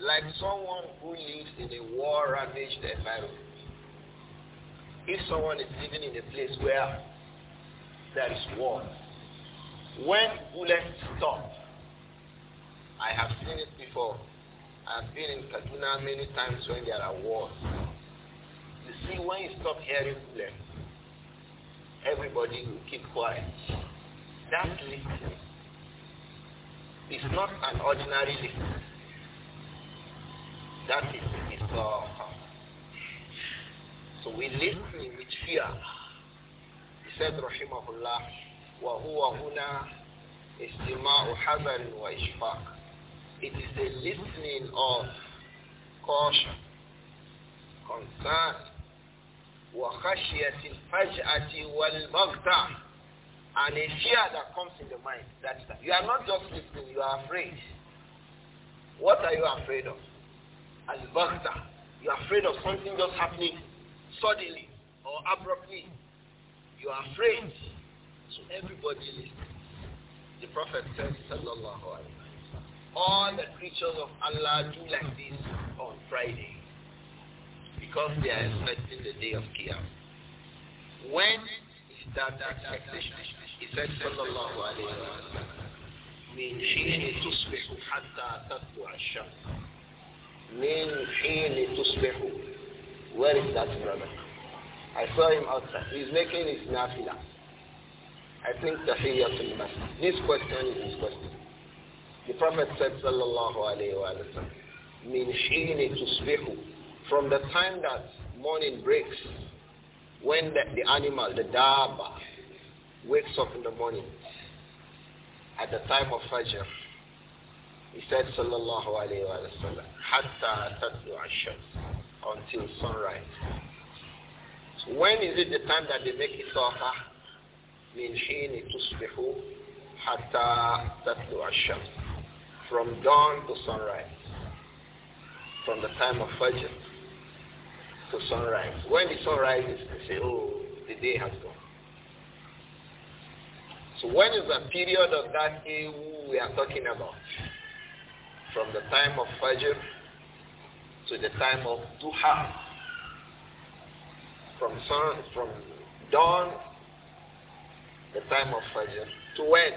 Like someone who lives in a war-ravaged environment. If someone is living in a place where there is war, when bullets stop, I have seen it before. I've been in Kaduna many times when there are wars. You see, when you stop hearing bullets, everybody will keep quiet. That's listening is not an ordinary lift. That is Islam. So we listen with fear. He said, Rahimahullah, وَهُوَ هُنَا إِسْتِمَاءُ حَذَرٍ وَإِشْفَاقٍ It is the listening of caution, concern, وَخَشْيَةِ الْفَجْأَةِ وَالْبَغْتَةِ and a fear that comes in the mind. that. You are not just listening, you are afraid. What are you afraid of? As Bakta, you are afraid of something just happening suddenly or abruptly. You are afraid. So everybody listens. The Prophet said, Sallallahu Alaihi all the creatures of Allah do like this on Friday because they are expecting the day of Qiyam. When is that expectation? He said, sallallahu alayhi wa sallam, من حين تصبح حتى تطلع الشمس. من حين تصبح. Where is that brother? I saw him outside. He's making his nafila. I think Tahiyyatul Masjid. This question is his question. The Prophet said, sallallahu alayhi wa sallam, min hini tusbihu. From the time that morning breaks, when the, the animal, the daba, wakes up in the morning at the time of Fajr, he said, Sallallahu Alaihi Wasallam, Hatta Tatlu Ashams, until sunrise. So when is it the time that they make Isafa? Min Hini Tusbihu, Hatta Tatlu Ashams. From dawn to sunrise. From the time of Fajr to sunrise. When the sun rises, they say, oh, the day has gone. So when is the period of that we are talking about? From the time of Fajr to the time of Duha. From sun, from dawn, the time of Fajr, to when?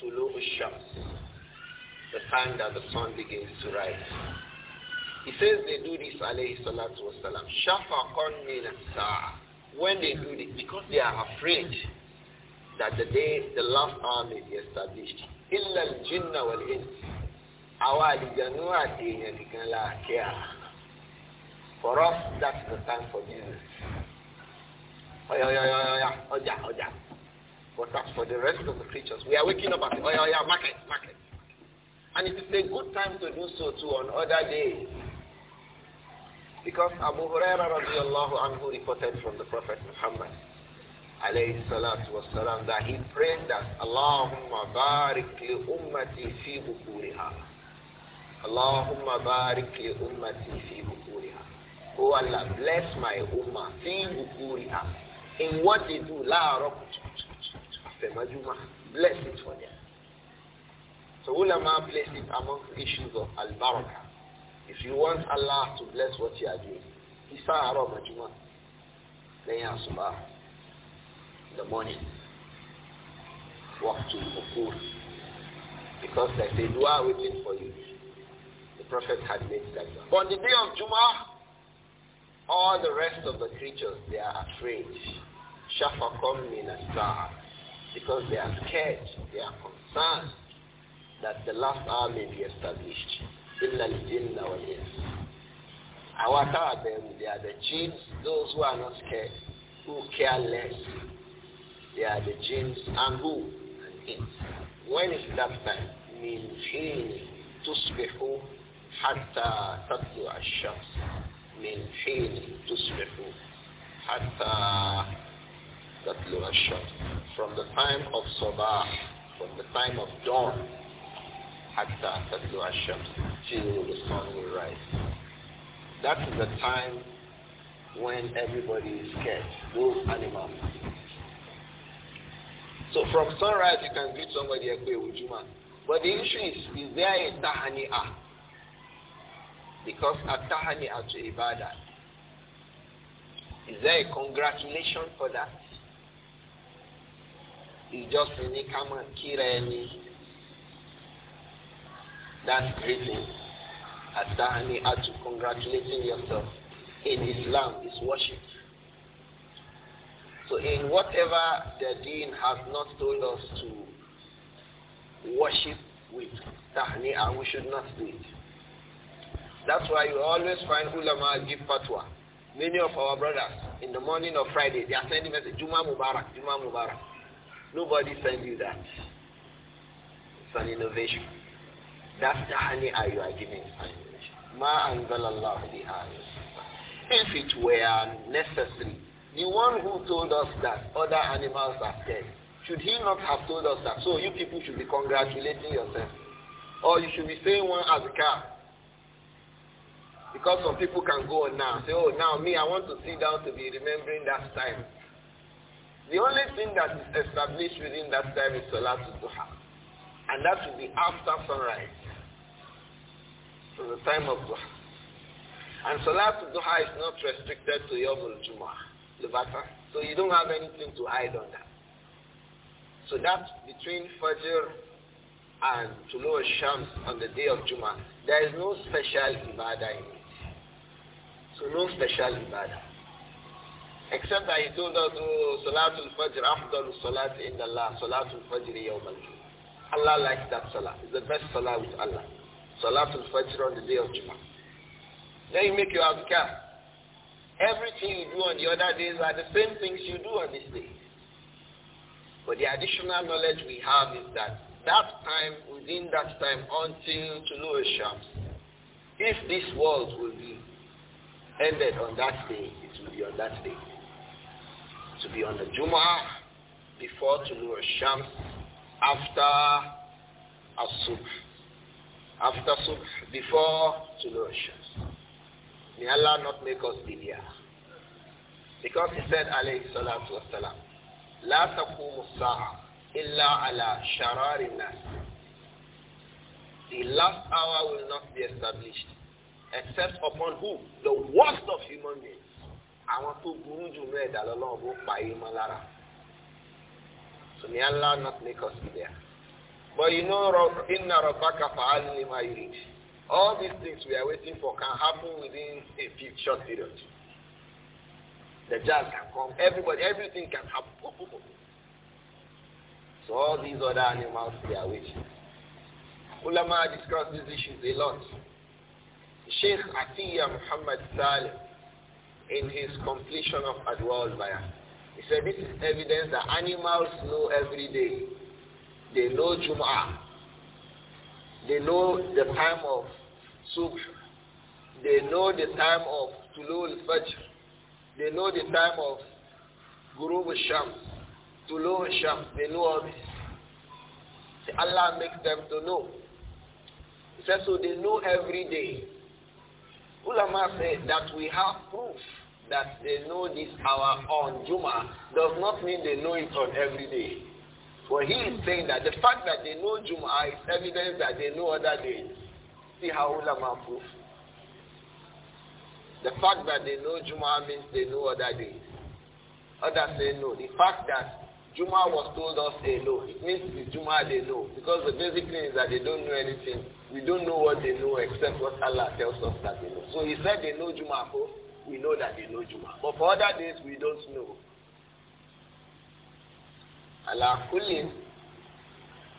To Lu'ushams, the time that the sun begins to rise. He says they do this, alayhi salatu wasalam, shafaqan min when they do this, because they are afraid that the day the last army is established إلا الجن والإنس àwa àlìjànú àti èèyàn nìkan for us that's the time for Jesus ọ̀yà ọ̀yà ọ̀yà ọ̀yà ọjà ọjà but that's for the rest of the creatures we are waking up at ọ̀yà ọ̀yà market market and it is a good time to do so too on other days because Abu Huraira radiallahu anhu reported from the Prophet Muhammad alayhi salatu wasalam, that he prayed that Allahumma barik li ummati fi bukuriha. Allahumma barik li ummati fi bukuriha. Oh Allah, bless my ummah fi bukuriha. In what they do, la Bless it for them. So ulama place it among issues of al-barakah. If you want Allah to bless what you are doing, Isa Arab Majuma, then Yasubah in the morning. Walk to Ukur. Because there's a dua waiting for you. The Prophet had made that But on the day of Juma, all the rest of the creatures, they are afraid. Shafakom a star Because they are scared. They are concerned that the last hour may be established. Illa al-jinna wal-ins. Awata them, they are the jinns, those who are not scared, who care less they are the jinns and who? And him. When is that time? من حين تصبح حتى تطلع الشمس من حين تصبح حتى تطلع الشمس from the time of صباح from the time of dawn حتى تطلع الشمس till the sun will rise that is the time when everybody is scared those animals so from sunrise, you can greet somebody Ekwe Ujuma. But the issue is, is there a tahani'ah? Because a tahani'ah to ibadah. Is there a congratulation for that? It's just a nikama kireni. That's greeting. A tahani'ah to congratulating yourself in Islam is worship. So in whatever the deen has not told us to worship with tahni'ah, we should not do it. That's why you always find ulama give fatwa. Many of our brothers, in the morning of Friday, they are sending message, Juma Mubarak, Juma Mubarak. Nobody sends you that. It's an innovation. That's tahni'ah you are giving. Ma anzalallahu biha. If it were necessary the one who told us that other animals are scared, should he not have told us that? So you people should be congratulating yourself. Or you should be saying one as a car. Because some people can go on now say, oh, now me, I want to sit down to be remembering that time. The only thing that is established within that time is Salatul Duha. And that should be after sunrise. So the time of Duha. And Salatul Duha is not restricted to Yom Jumu'ah. Levata. So you don't have anything to hide on that. So that's between Fajr and Tulu Shams on the day of Juma, There is no special Ibadah in it. So no special Ibadah. Except that you told us, oh, Salatul Fajr, Afdal Salat in Allah, Salatul Fajr Yawm al Allah likes that Salah. It's the best Salah with Allah. Salatul Fajr on the day of Jummah. Then you make your adhkar. Everything you do on the other days are the same things you do on this day. But the additional knowledge we have is that that time, within that time, until Tulur Shams, if this world will be ended on that day, it will be on that day. To be on the Jum'ah, before Tulur Shams, after Asub, after Subh, before Tulur Shams. May Allah not make us be Because he said, alayhi salatu wasalam, لا تقوم الساعة إلا على شرار الناس. The last hour will not be established except upon who? The worst of human beings. want tó burú jù náà ẹ̀dá lọ́lọ́run ló pa ayé So may Allah not make us be there. But you know, إن ربك فعل لما يريد. All these things we are waiting for can happen within a few short period. The jazz can come, everybody, everything can happen. So all these other animals we are waiting. Ulama discussed these issues a lot. Sheikh Atiyah Muhammad Saleh, in his completion of Adwal Bayan, he said this is evidence that animals know every day. They know Jum'ah. They know the time of subh. They know the time of tulul fajr. They know the time of gurub shams, tulul shams. They know all this. Allah makes them to know. He says, so they know every day. Ulama said that we have proof that they know this hour on Juma does not mean they know it on every day. for he is saying that the fact that they know Juma is evidence that they know other days. See how ulama prove. The fact that they know Juma means they know other days. Others say no. The fact that Juma was told us they know, it means the Juma they know. Because the basic thing is that they don't know anything. We don't know what they know except what Allah tells us that they know. So he said they know Juma, we know that they know Juma. But for other days, we don't know. Allah Kulin,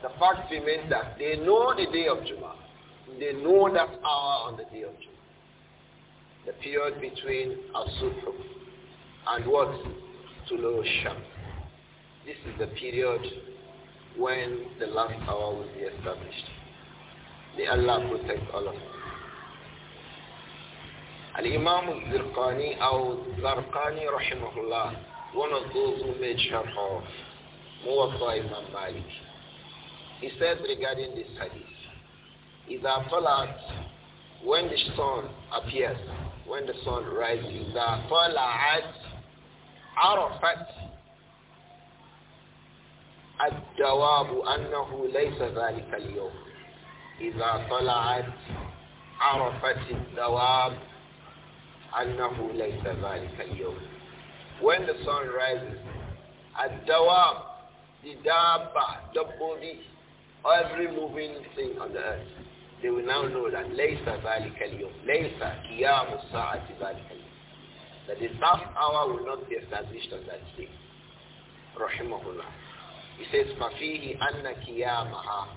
the fact remains that they know the day of Juma they know that hour on the day of judgment. The period between Asufru and what? Tulu This is the period when the last hour will be established. May Allah protect all of us. Al-Imam al-Zirqani or Zarqani rahimahullah, one of those who made sharh of Muwafa Imam Malik, he said regarding this hadith, إذا طلعت when the sun appears when the sun rises is إذا طلعت عرفت الجواب أنه ليس ذلك اليوم إذا طلعت عرفت الدواب أنه ليس ذلك اليوم when the sun rises الدواب the dabba, dabbobi, every moving thing on the earth they will now know that later, ذَلِكَ الْيَوْمِ لَيْسَ قِيَامُ السَّاعَةِ That the last hour will not be established on that day. Rahimahullah. He says, فَفِيهِ أَنَّ قِيَامَهَا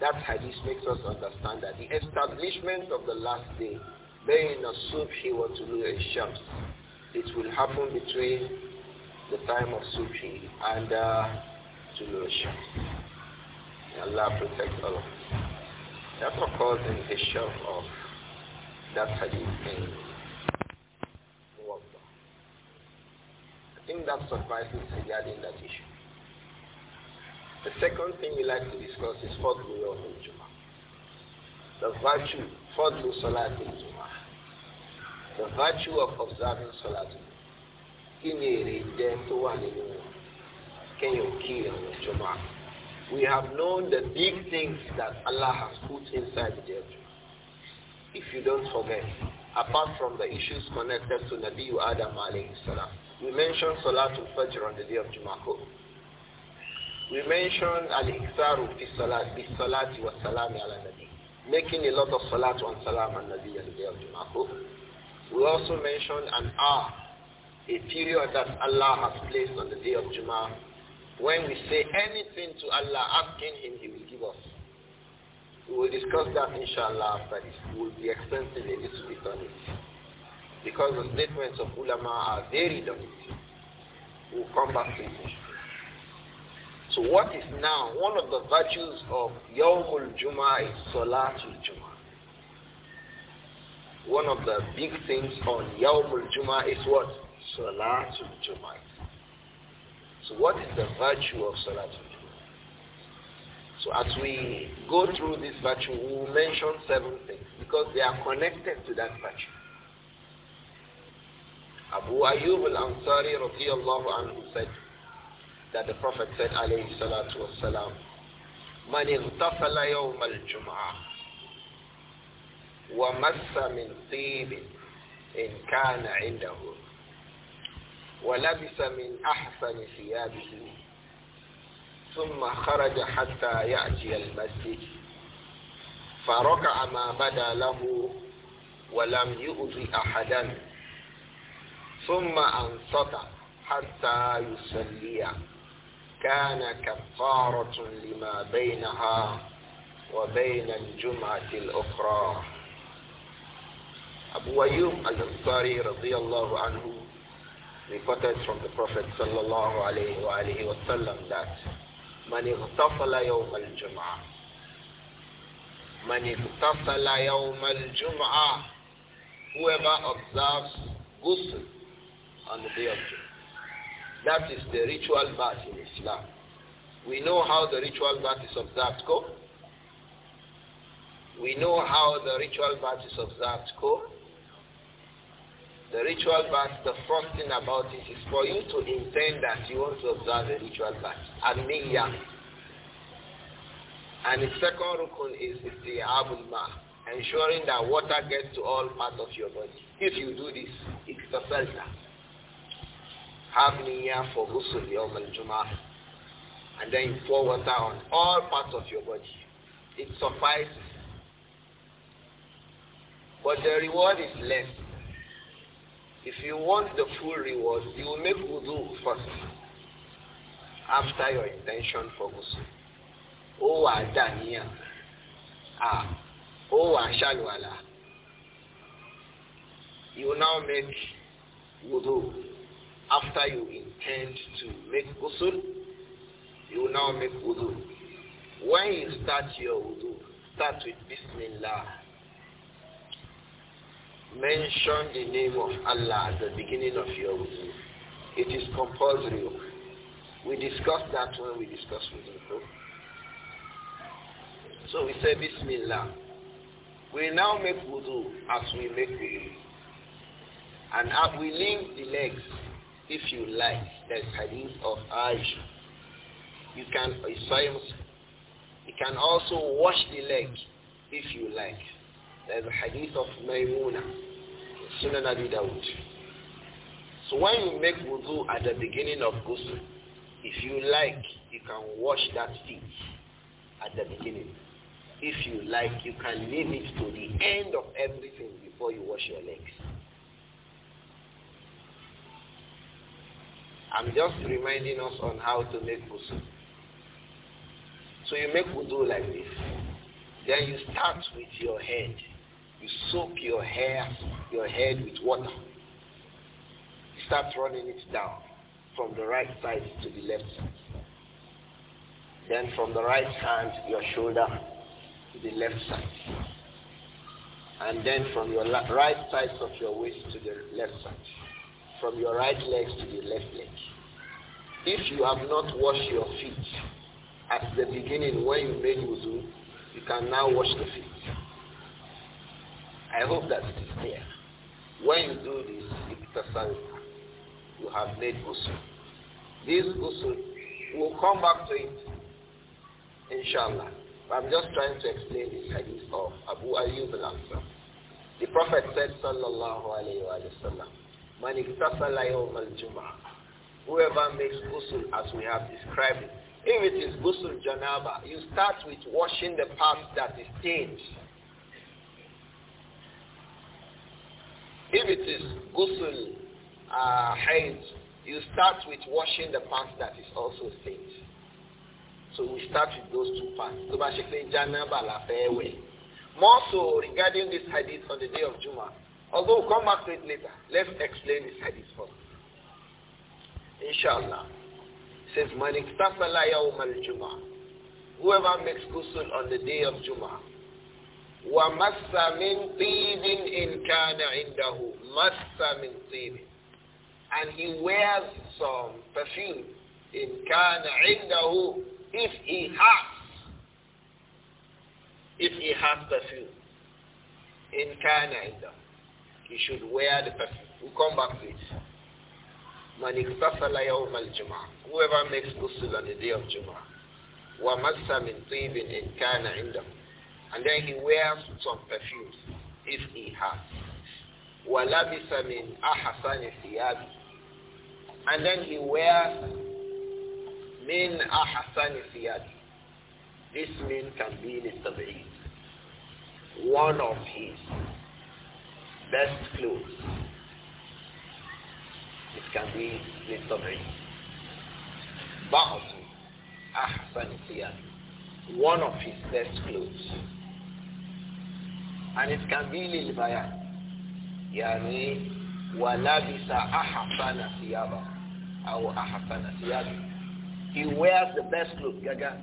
That hadith makes us understand that the establishment of the last day, بَيْنَ الصُّبْحِ وَطُلُوعِ shams, It will happen between the time of Subhi and uh, Tulu May Allah protect all of us. That occurs in the shelf of that hadith in Muwatta. I think that suffices regarding that issue. The second thing we like to discuss is Fadlu Yawm al-Jum'ah. The virtue, Fadlu Salat al-Jum'ah. The virtue of observing Salat al-Jum'ah. Kí ni èrè jẹ́ tó wà nínú kéèyàn kí ìrìn jumah ki ni ere je to wa jumah we have known the big things that Allah has put inside the earth. If you don't forget, apart from the issues connected to Nabi Adam alayhi salam, we mentioned Salatul Fajr on the day of Jumako. We mentioned Al-Iqsaru fi Salat, bi Salati wa Salami ala Nabi. Making a lot of Salat on Salam on Nabi on the day of Jumako. We also mentioned an hour, a period that Allah has placed on the day of Jumah when we say anything to Allah asking him, he will give us. We will discuss that inshallah But It will be expensive a little bit on it. Because the statements of ulama are very on We will come back to it. So what is now one of the virtues of Yawmul Juma is Salatul Juma. One of the big things on Yawmul Juma is what? Salatul Juma. So what is the virtue of Salatul So as we go through this virtue, we will mention seven things because they are connected to that virtue. Abu Ayyub al-Ansari radiallahu anhu said that the Prophet said alayhi salatu wassalam, من اغتسل يوم الجمعة ومس من طيب إن كان عنده ولبس من أحسن ثيابه ثم خرج حتى يأتي المسجد فركع ما بدا له ولم يؤذ أحدا ثم أنصت حتى يصلي كان كفارة لما بينها وبين الجمعة الأخرى أبو أيوب الأنصاري رضي الله عنه reported from the Prophet sallallahu alayhi wa alayhi wa sallam that من اغتسل يوم الجمعة من يوم الجمعة whoever observes ghusl on the day of Jum'ah that is the ritual bath in Islam we know how the ritual bath is observed go we know how the ritual bath is observed go the ritual bath, the first thing about it is for you to intend that you want to observe the ritual bath. And And the second rukun is the abul ma, ensuring that water gets to all parts of your body. If you do this, it's the filter. Have niya for ghusl yawm al And then you pour water on all parts of your body. It suffices. But the reward is less if you want the full reward, you will make wudu first after your intention for ghusl. Ó wà Ah, Ó wà You now make wudu after you intend to make ghusl. You now make wudu. When you start your wudu, start with Bismillah mention the name of Allah at the beginning of your wudu. It is compulsory. We discussed that when we discussed wudu. So we say Bismillah. We now make wudu as we make wudu. And as we link the legs, if you like, there's hadith of Aisha. You can, you can also wash the legs if you like. There's a hadith of Maymuna, Sunan Abi Dawud. So when you make wudu at the beginning of ghusl, if you like, you can wash that feet at the beginning. If you like, you can leave it to the end of everything before you wash your legs. I'm just reminding us on how to make wudu. So you make wudu like this. Then you start with your head. You soak your hair, your head with water. You start running it down from the right side to the left side. Then from the right hand, your shoulder to the left side. And then from your right side of your waist to the left side. From your right leg to the left leg. If you have not washed your feet at the beginning when you made wuzu, you can now wash the feet. I hope that it is clear. When you do this you have made usul. This usul, we'll come back to it, inshallah. I'm just trying to explain this hadith of Abu Ayyub al-Ansar. The Prophet said, sallallahu alayhi wa sallam, Man iktasala yawm al-jum'ah. Whoever makes ghusl as we have described it. If it is ghusl janaba, you start with washing the part that is stained If it is ghusl, uh, hajj, you start with washing the part that is also stained. So we start with those two parts. So basically, la More so regarding this hadith on the day of Juma. Although we'll come back to it later. Let's explain this hadith first. Inshallah. It says, Man iktafala al-Juma. Whoever makes ghusl on the day of Juma. وَمَسَّ مِنْ طِيبٍ إِنْ كَانَ عِنْدَهُ مَسَّ مِنْ طِيبٍ And he wears some perfume. إِنْ كَانَ عِنْدَهُ If he has. If he has perfume. إِنْ كَانَ عِنْدَهُ He should wear the perfume. We'll come back to it. مَنْ اِقْتَفَلَ يَوْمَ الْجُمْعَةِ Whoever makes ghusl on the day of Jum'ah. وَمَسَّ مِنْ طِيبٍ إِنْ كَانَ عِنْدَهُ and then he wears some perfumes if he has. وَلَبِسَ مِنْ أَحَسَنِ ثِيَابِ And then he wears مِنْ أَحَسَنِ ثِيَابِ This mean can be للتبعيد. One of his best clothes. It can be للتبعيد. بعض أحسن ثياب. One of his best clothes. And it can be lil bayan. Yani walabisa ahsana siyaba aw ahsana siyaba He wears the best clothes, gaga.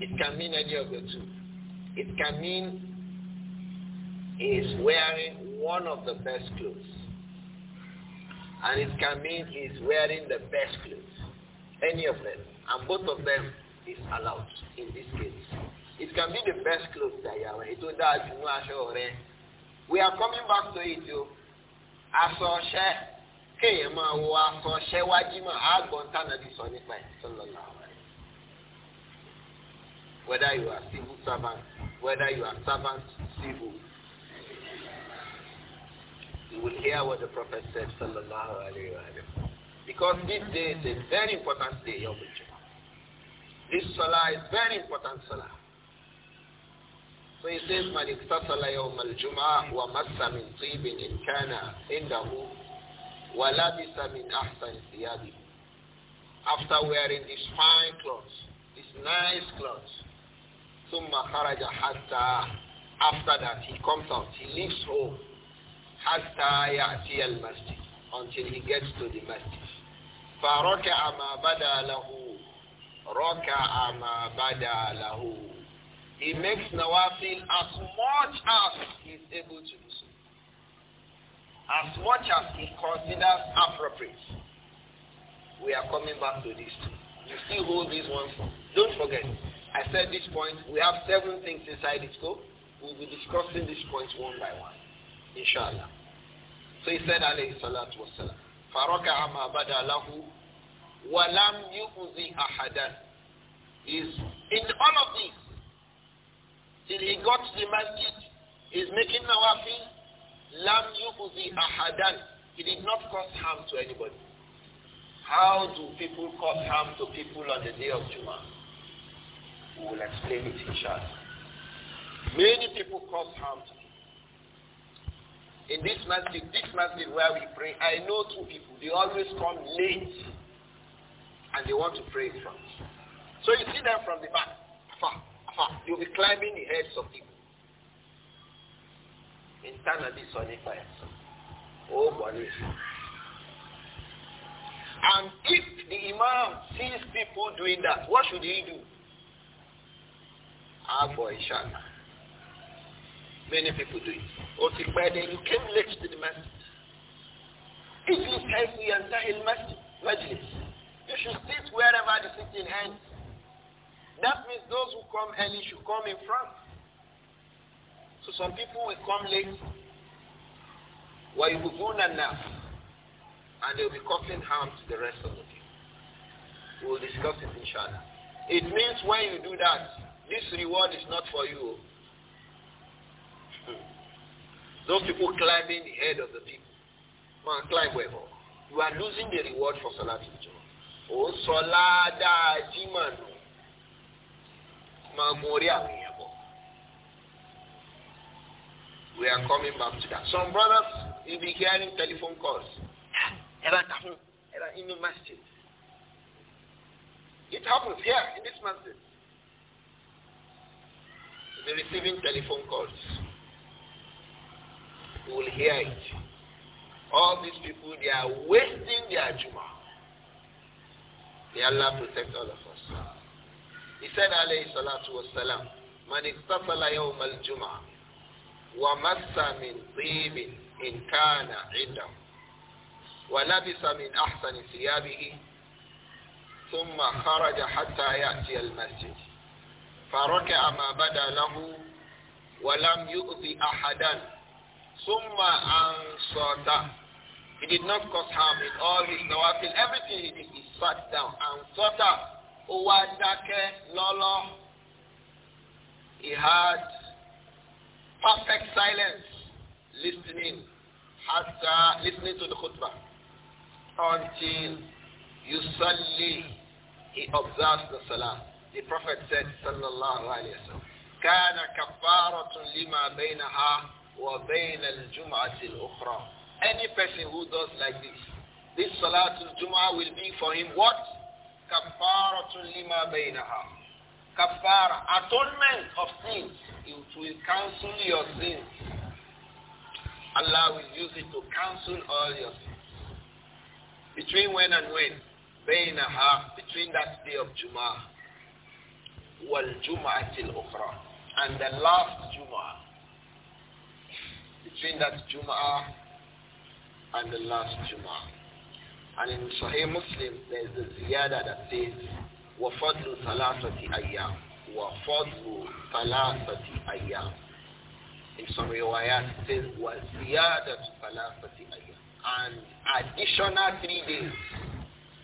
It can mean any of the two. It can mean he is wearing one of the best clothes. And it can mean he is wearing the best clothes. Any of them. And both of them is allowed in this case. It can be the best clothes that you are wearing. It will that We are coming back to it Whether you are civil servant, whether you are servant civil, you will hear what the Prophet said sallallahu alayhi wa Because this day is a very important day, Yom This Salah is very important Salah. So he says, من اغتسل يوم الجمعة ومس من طيب إن كان عنده ولبس من أحسن ثيابه After wearing his fine clothes, his nice clothes, ثم خرج حتى after that he comes out, he leaves home حتى يأتي المسجد until he gets to the masjid. فركع ما بدا له ركع ما بدا له He makes Nawafil as much as he's able to do so. As much as he considers appropriate. We are coming back to this You still hold these ones. Don't forget, I said this point, we have seven things inside this scope. We'll be discussing these points one by one. Inshallah. So he said, alayhi salatu wasalam, فَرَكَعَ مَا بَدَى لَهُ وَلَمْ يُؤْذِ أَحَدًا is in all of these till he got to the masjid, he's making nawafil, lam yubuzi ahadan. He did not cause harm to anybody. How do people cause harm to people on the day of Juma? We will explain it inshallah. Many people cause harm to people. In this masjid, this masjid where we pray, I know two people. They always come late and they want to pray in front. So you see them from the back, far. Ah. You'll be climbing the heads of people. Internally solidified. Oh, boy, And if the imam sees people doing that, what should he do? Ah, boy, inshallah. Many people do it. Okay, by then you came late to the masjid. If you time we enter in masjid, majlis, you should sit wherever the sitting ends. That means those who come early should come in front. So some people will come late. وَيُبُغُونَ النَّاسِ And they will be causing harm to the rest of the people. We will discuss it inshallah. It means when you do that, this reward is not for you. Those people climbing the head of the people. Man, climb wherever. You are losing the reward for Salatul Jum'ah. Oh, Salah da Jimanu. We are coming back to that. Some brothers, you'll be hearing telephone calls. It happens here in this masjid. They're receiving telephone calls. You will hear it. All these people, they are wasting their Juma. May Allah protect all of us. He said, alayhi salatu wasalam, Man istasala yawm al-jum'ah wa massa min tibin in kana indahu wa labisa min ahsani thiyabihi thumma kharaja hatta ya'ti al-masjid. فركع ما بدا له ولم يؤذي أحدا ثم أنصت He did not cause harm in all his nawafil. Everything he did, he sat down and Uwadake, lọ́lọ́ he had perfect silence listening after listening to the khutbah until suddenly he observes the salah. The Prophet said sallallahu alaihi wasallam, كان كفارة لما بينها وبين الجمعة الأخرى Any person who does like this, this Salatul Jum'ah will be for him what? kafaratun lima bainaha. Kafara, atonement of sins. It will cancel your sins. Allah will use it to cancel all your sins. Between when and when? Bainaha, between that day of Jum'ah. Wal Jum'atil ukhra. And the last Juma. Between that Juma and the last Juma. And in Sahih Muslim, there is a ziyada that says, وَفَضْلُ ثَلَاثَةِ أَيَّامٍ وَفَضْلُ ثَلَاثَةِ أَيَّامٍ In some riwayat, it says, وَزِيَادَةُ ثَلَاثَةِ أَيَّامٍ And additional three days.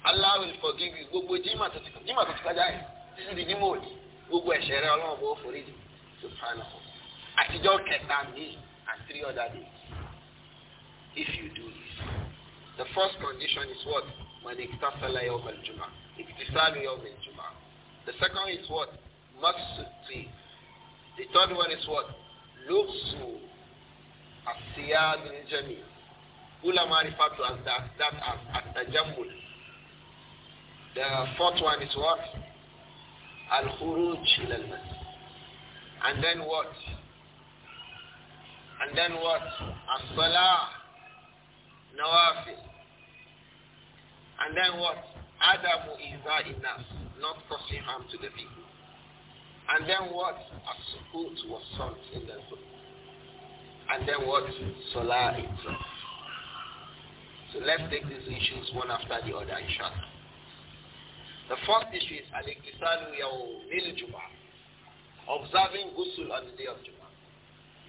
Allah will forgive you. Gbogbo jima tó ti jima tó ti kájà yìí. Títí di jimá òdì. Gbogbo ẹ̀ṣẹ̀ rẹ̀ Ọlọ́run bó forí di. Subhanahu. Àtijọ́ kẹta mi and three other days. If you do The first condition is what? Man iktasala yawm al juma Iktisalu yawm al juma The second is what? Maksuti. The third one is what? Luksu. Asiyad al-jami. Ulama refer to as that, that as at-tajammul. The fourth one is what? Al-khuruj ila al-masjid. And then what? And then what? As-salah Nawafil. And then what? Adamu Iza enough, not causing harm to the people. And then what? As-sukut was something in the And then what? solar itself. So let's take these issues one after the other, inshallah. The first issue is al-iqtisalu yawmil jum'ah. Observing ghusl on the day of Jum'ah.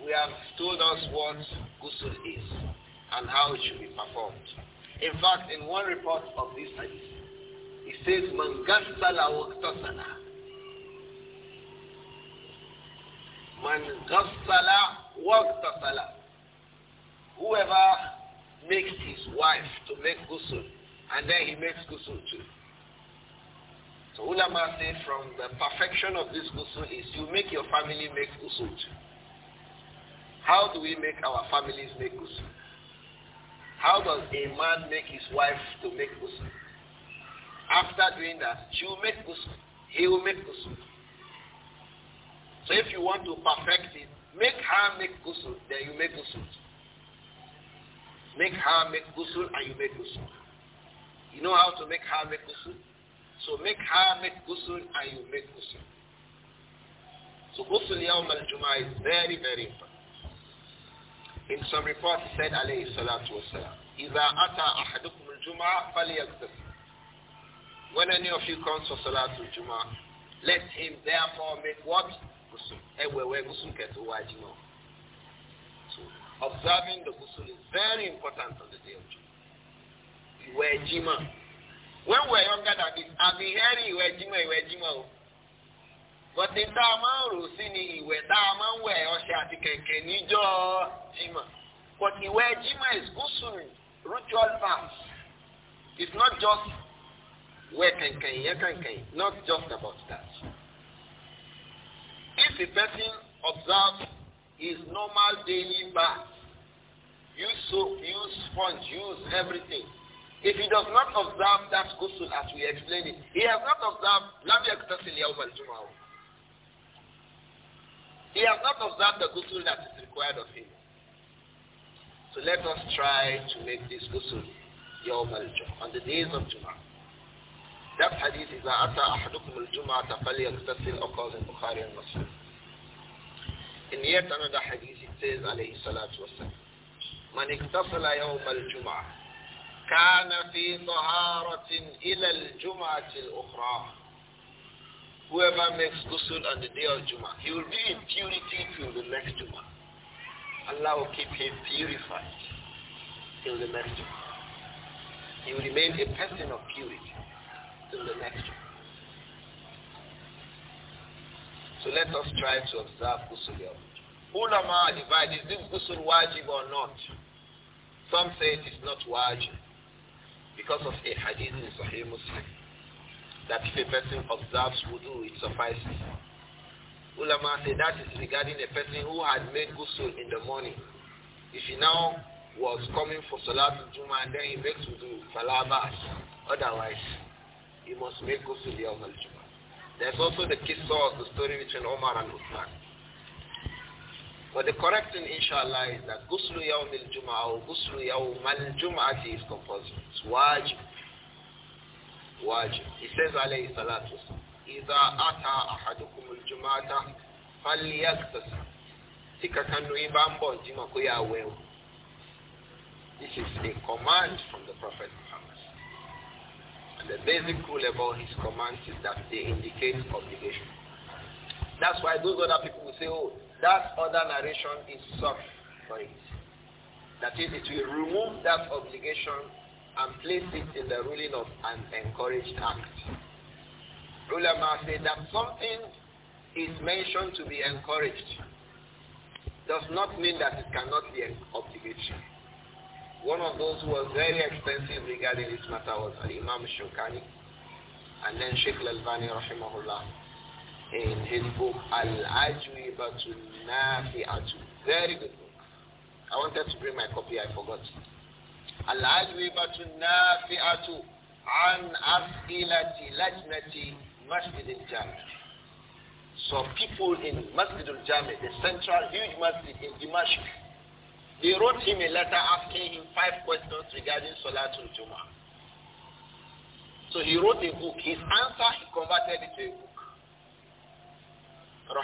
We have told us what ghusl is and how it should be performed. In fact, in one report of this hadith, it says, Man la waqtasala. Man ghassala waqtasala. Whoever makes his wife to make ghusl, and then he makes ghusl too. So ulama say from the perfection of this ghusl is you make your family make ghusl too. How do we make our families make ghusl? How does a man make his wife to make ghusl? After doing that, she will make ghusl. He will make ghusl. So if you want to perfect it, make her make ghusl, then you make ghusl. Make her make ghusl and you make ghusl. You know how to make her make ghusl? So make her make ghusl and you make ghusl. So ghusl yawm al-jum'ah is very, very important. In some reports he said, alayhi salatu wasalam, إِذَا أَتَى أَحَدُكُمُ الْجُمْعَةِ فَلْيَغْتَسِلْ When any of you comes for al jum'ah, let him therefore make what? Ghusl. Ewewe ghusl ketu wajimo. So observing the ghusl is very important on the day of Jum'ah. Iwe When we were younger than this, I've been hearing Iwe jima, Iwe oh. bọ̀tí tá a máa ń rò sí ni ìwẹ̀ tá a máa ń wẹ̀ ọṣẹ àti kẹ̀kẹ́ níjọ́ jimá but ìwẹ̀ jimá is usul ritual fast it's not just wẹ̀ kẹ̀kẹ́ yẹn kẹ̀kẹ́ not just about that if a person observes his normal daily bath use soap use sponge use everything if he does not observe that ghusl as we explained it he has not observed lam yaktasil yawm al He has not observed the ghusl that is required of him. So let us try to make this ghusl يوم الجمعة on the days of Jum'ah. That hadith is أتى أحدكم الجمعة فليغتسل أقوال البخاري ومسلم. In yet another hadith it says عليه الصلاة والسلام من اغتسل يوم الجمعة كان في طهارة إلى الجمعة الأخرى Whoever makes ghusl on the day of Juma, he will be in purity till the next Juma. Allah will keep him purified till the next Juma. He will remain a person of purity till the next Juma. So let us try to observe ghusl Who Ulama divide, is this ghusl wajib or not? Some say it is not wajib because of a hadith in Sahih Muslim that if a person observes wudu, it suffices. Ulama said that is regarding a person who had made ghusl in the morning. If he now was coming for al Juma and then he makes wudu, Salabas. Otherwise, he must make ghusl Yawm al-Juma. There's also the kisah of the story between Omar and Uthman. But the correct thing, inshallah, is that ghusl Yawm al-Juma or ghusl Yawm al-Jum'ati is compulsory. It's wajib wajib. He says, alayhi salatu إذا أتى أحدكم الجمعة This is a command from the Prophet Muhammad. And the basic rule about his commands is that they indicate obligation. That's why those other people will say, oh, that other narration is soft for it. That is, it will remove that obligation and place it in the ruling of an encouraged act. Ulama said that something is mentioned to be encouraged does not mean that it cannot be an obligation. One of those who was very expensive regarding this matter was Imam Shukani and then Sheikh Al-Albani rahimahullah in his book Al-Ajwibatul Nafi'atu. Very good book. I wanted to bring my copy, I forgot. الأجوبة النافعة عن أسئلة لجنة مسجد الجامع So people in Masjid al-Jami, the central huge masjid in Damascus, they wrote him a letter asking him five questions regarding Salatul Jummah. So he wrote a book. His answer, he converted it to a book.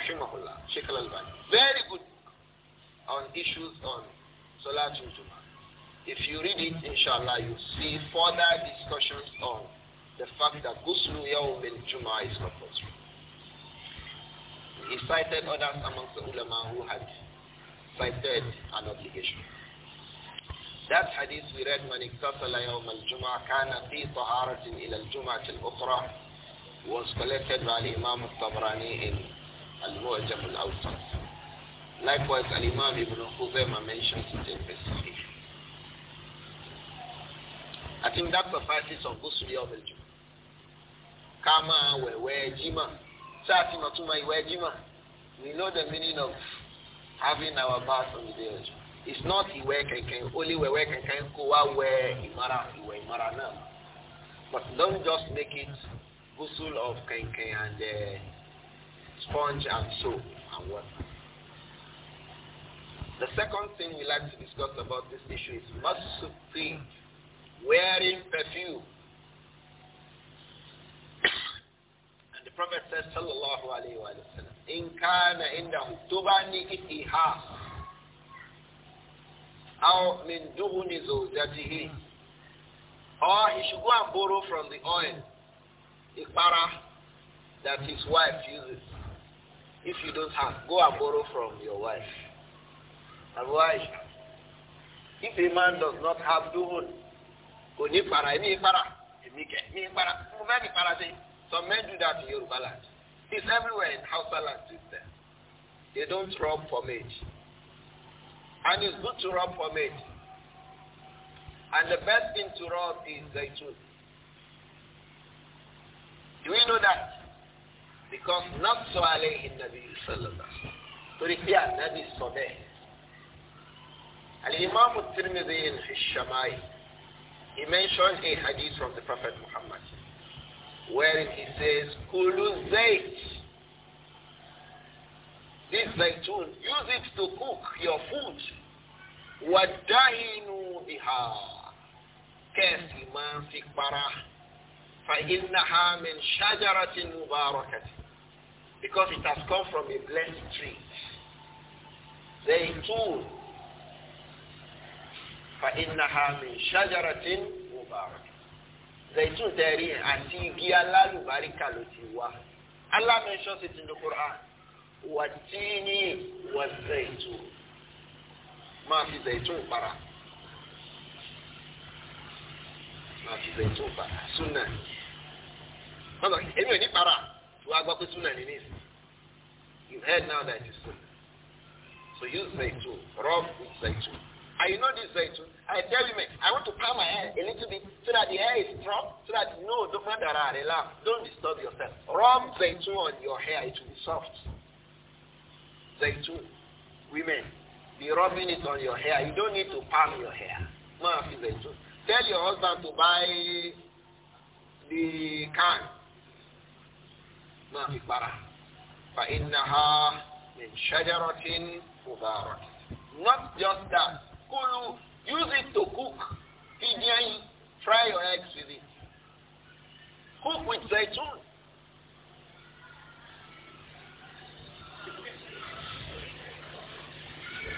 Rahimahullah, Sheikh al-Albani. Very good on issues on Salatul Jummah. If you read it, inshallah, you see further discussions on the fact that Ghuslu Yawm jumah is compulsory. He cited others amongst the ulama who had cited an obligation. That hadith we read, من Juma kana fi كان في al إلى الجمعة الأخرى was collected by Imam al-Tabrani in Al-Mu'jam al-Awsat. Likewise, Al-Imam Ibn Khuzayma mentions it in his I think that suffices on Ghusl Yawm al-Jum'ah. Kama wẹ̀wẹ̀ Jima. Ṣé a ti mọ̀ túmọ̀ ìwẹ̀ Jima? We know the meaning of having our bath on the day of Jum'ah. It's not ìwẹ̀ kẹ̀kẹ́, only wẹ̀wẹ̀ kẹ̀kẹ́ kó wá wẹ ìmara, ìwẹ̀ ìmara náà. But don't just make it ghusl of kẹ̀kẹ́ and uh, sponge and soap and water. The second thing we like to discuss about this issue is must wearing perfume. and the Prophet says, sallallahu alayhi wa sallam, in kana indahu tubani itiha aw min duhuni zawjatihi or he should go and borrow from the oil, ikpara, that his wife uses. If you don't have, go and borrow from your wife. Otherwise, if a man does not have duhun, kò ní para èmi para èmi kẹ mi para mo fẹ́ mi para sí some men do that in Yoruba land it's everywhere in Hausa land it's there they don't rub pomade and it's good to rub pomade and the best thing to rub is zaitun do we know that because not so alayhi nabi sallallahu torí pé ànábì sọ bẹ́ẹ̀ alimami tirimidi ní ṣàmáyé. He mentioned a hadith from the Prophet Muhammad wherein he says, Kulu zait. This zaitun, use it to cook your food. Wadahinu biha. Kesiman fikbara. فإنها من شجرة مباركة because it has come from a blessed tree. Zaitun فإنها من شجرة مباركة zaitun tẹ̀rí àti igi alálùbáríkà ló ti wá Allah mentions it in the Quran wà tíní wà zaitun máa fi zaitun para máa fi zaitun para sunna bàbá èmi ò ní para tí wàá gbọ́ pé sunna ni ní you heard now that it's sunna so use zaitun rub with zaitun. And you know this zaitu. I tell you, man, I want to palm my hair a little bit so that the hair is strong, so that, no, don't matter, relax. Don't disturb yourself. Rub zaitu on your hair. It will be soft. Zaitu. Women, be rubbing it on your hair. You don't need to palm your hair. Mafi zaitu. Tell your husband to buy the can. Mafi para. فإنها من شجرة مباركة. Not just that. Kulu, use it to cook Fidian, fry your eggs with it. Cook with zaitun.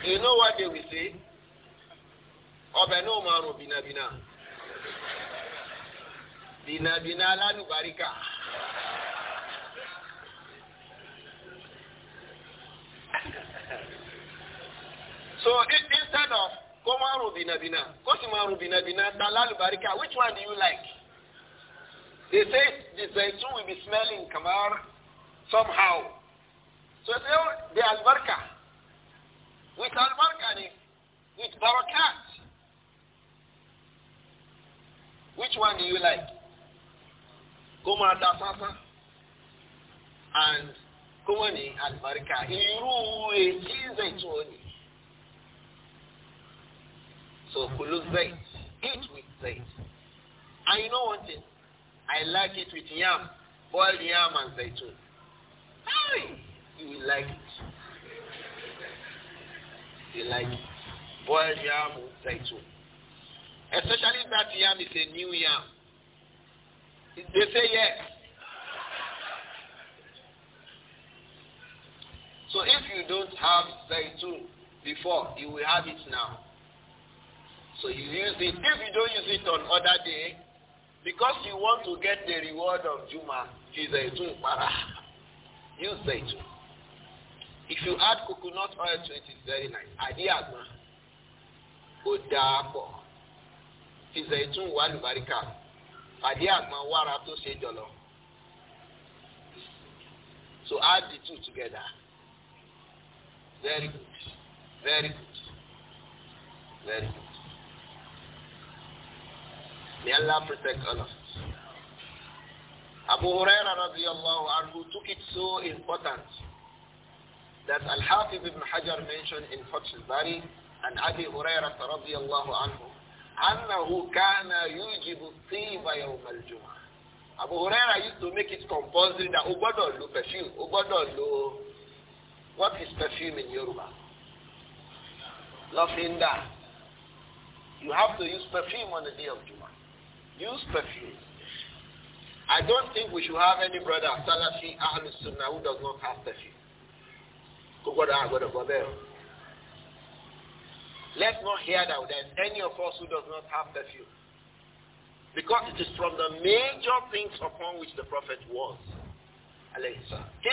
You know what they will say? Obeno maro bina bina. Bina bina la nubarika. So instead of kó má rùn bìnàbìnà kó sì má rùn bìnàbìnà ta lálùbáríkà which one do you like they say the zaitun will be smelling kamar somehow so they oh, they albarka with albarka ni with barakat which one do you like Koma dasasa and kó ní albarka irú etí zaitun ni. So kulu great. eat with zait. And you know one thing? I like it with yam, boiled yam and zaitun. Hey, you will like it. You like it. Boiled yam with zaitun. Especially if that yam is a new yam. They say yes. So if you don't have zaitun before, you will have it now. So you use it. If you don't use it on other day, because you want to get the reward of Juma, use zaitun Use it. If you add coconut oil to it, it's very nice. Adiagba. Odapo. Fi zaitun wà lùbáríkà. Adiagba wàrà to ṣe jọlọ. So add the two together. Very good. Very good. Very good. May Allah protect all of us. Abu Huraira radiallahu anhu took it so important that Al-Hafiz ibn Hajar mentioned in Fath al-Bari and Abi Huraira radiallahu anhu أنه كان يجب الطيب يوم الجمعة Abu Huraira used to make it compulsory that o gbọ́dọ̀ lo perfume o lo what is perfume in Yoruba lọ́fíńdà you have to use perfume on the day of Juma Use perfume. I don't think we should have any brother Salafi Ahlul Sunnah who does not have perfume. Let's not hear that there's any of us who does not have perfume. Because it is from the major things upon which the Prophet was. I want bí ẹ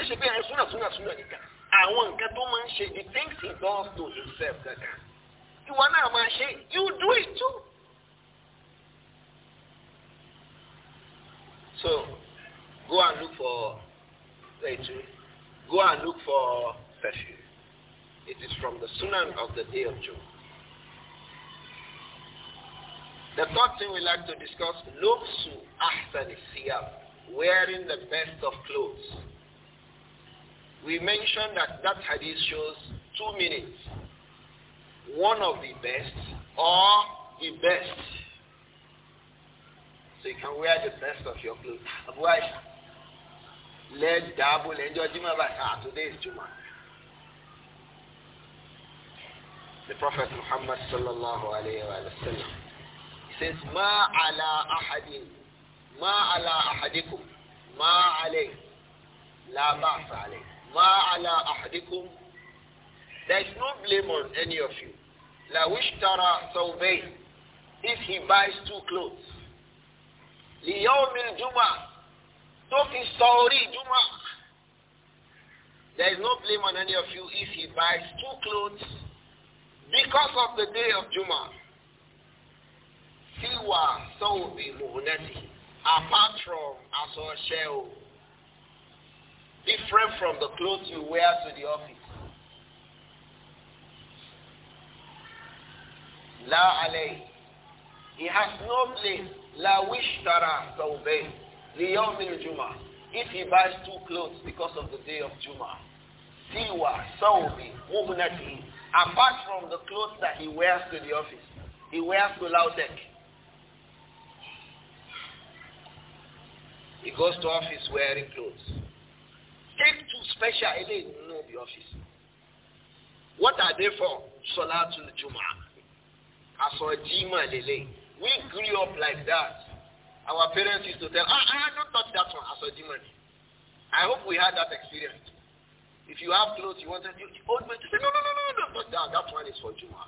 tó máa the things he does to himself kankan You want máa ṣe you do it too. So go and look for Zaytun. Go and look for Safir. It is from the Sunan of the day of June. The third thing we like to discuss, Lobsu the Siyam, wearing the best of clothes. We mentioned that that hadith shows two minutes. One of the best or the best so you can wear the best of your clothes. Abu let double enjoy Juma Basar. Today is Juma. The Prophet Muhammad sallallahu alayhi wa sallam says, Ma ala ahadin, ma ala ahadikum, ma la ba'sa alayh. Ma ala ahadikum, there is no blame on any of you. La wishtara sawbayn, if he buys two clothes. لِيَوْمِ الْجُمَعَةِ Don't install Juma. There is no blame on any of you if he buys two clothes because of the day of Jum'ah. Siwa sawbi muhunati. Apart from aso sheo. Different from the clothes you wear to the office. La alay. He has no blame. La wishtara thawbayn liyom al Juma. If he buys two clothes because of the day of Juma, siwa thawbi mughnati. Apart from the clothes that he wears to the office, he wears to Lautech. He goes to office wearing clothes. Take two special elite, no the office. What are they for? Salatul Jum'ah. Aso Jima lele. We grew up like that. Our parents used to tell, ah, ah don't touch that one, Asodimani. I hope we had that experience. If you have clothes you wanted, you, old man to say, no, no, no, no, don't touch that. That one is for Juma.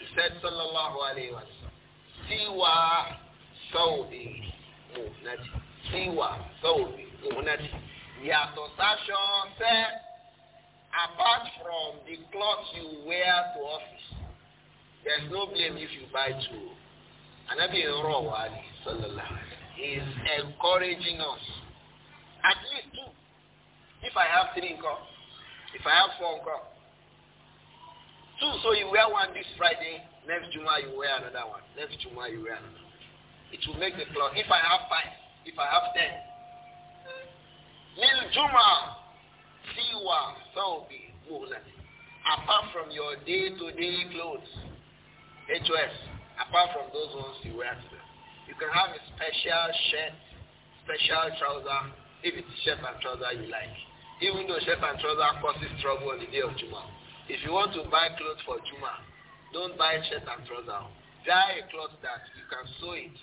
He said, sallallahu alayhi wa sallam, siwa saudi muhnati. Siwa saudi muhnati. Yàtọ̀ sáṣọ ṣẹ́ apart from the clothes you wear to office. There's no blame if you buy two. Anabi Rawali sallallahu is encouraging us. At least two. If I have three income, if I have four income. Two, so you wear one this Friday, next Juma you wear another one. Next Juma you wear another one. It will make the clock. If I have five, if I have ten. Lil Juma, Siwa, Saudi, Apart from your day-to-day clothes. HOS, apart from those ones you wear. You can have a special shirt, special trouser, if it's shirt and trouser you like. Even though shirt and trouser causes trouble on the day of Juma. If you want to buy clothes for Juma, don't buy shirt and trouser. Buy a cloth that you can sew it.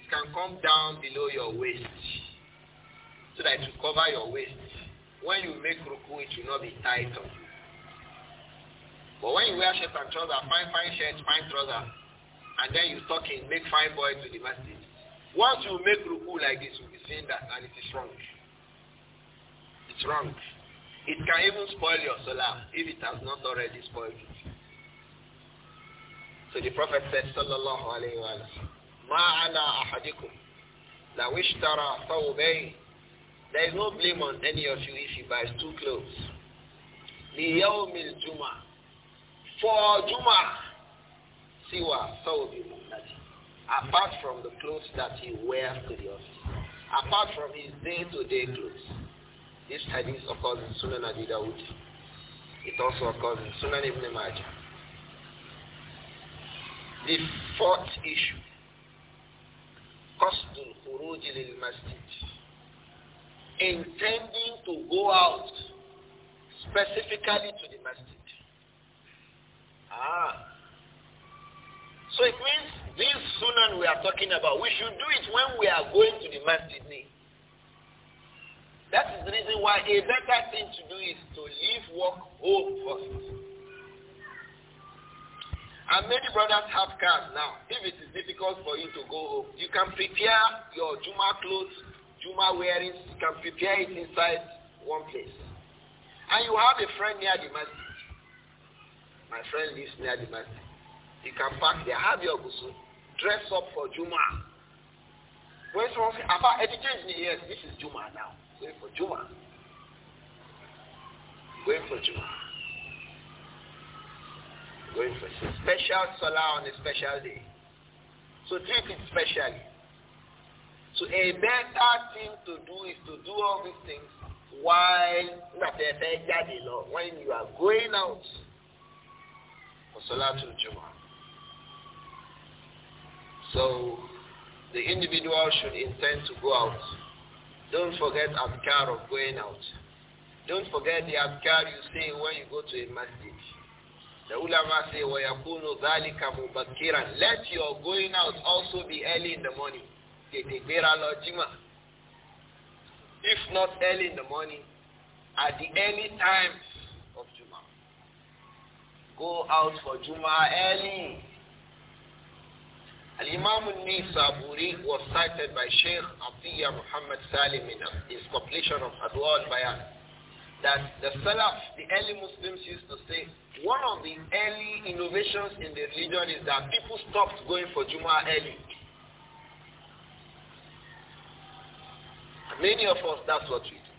It can come down below your waist so that it will cover your waist. When you make ruku, it will not be tight on you. But when you wear shirt and trouser, fine, fine shirt, fine trouser, and then you talk in, make fine boy to the masjid. Once you make ruku like this, you'll be saying that, and it is wrong. It's wrong. It can even spoil your salah if it has not already spoiled it. So the Prophet said, sallallahu alaihi wasallam, ma ana ahadikum, la wishtara thawbayn, there is no blame on any of you if you buy two clothes. ليوم الجمعة for Juma siwa Saudi Muhammad. Apart from the clothes that he wears to the office. Apart from his day-to-day clothes. This hadith occurs in Sunan Abi Dawud. It also occurs in Sunan Ibn Majah. The fourth issue. قصد الخروج masjid, intending to go out specifically to the masjid Ah. So it means this sunan we are talking about, we should do it when we are going to the masjid. That is the reason why a better thing to do is to leave work home first. And many brothers have cars now. If it is difficult for you to go home, you can prepare your Juma clothes, Juma wearings, you can prepare it inside one place. And you have a friend near the masjid. My friend lives near the masjid. You can park there, have your gusu, dress up for Juma. When someone says, Abba, years, me, yes, this is Juma now. Going for Juma. Going for Juma. Going for Juma. Special Salah on a special day. So treat it specially. So a better thing to do is to do all these things while not when you are going out for Salatul Jum'ah. So the individual should intend to go out. Don't forget adhkar of going out. Don't forget the adhkar you say when you go to a masjid. The ulama say, وَيَكُونُ ذَلِكَ مُبَكِّرًا Let your going out also be early in the morning. If not early in the morning, at the early time go out for Juma early. Al-Imam al-Nisaburi was cited by Sheikh Atiyah Muhammad Salim in his completion of Adwa al-Bayan that the Salaf, the early Muslims used to say, one of the early innovations in the religion is that people stopped going for Juma early. many of us, that's what we do.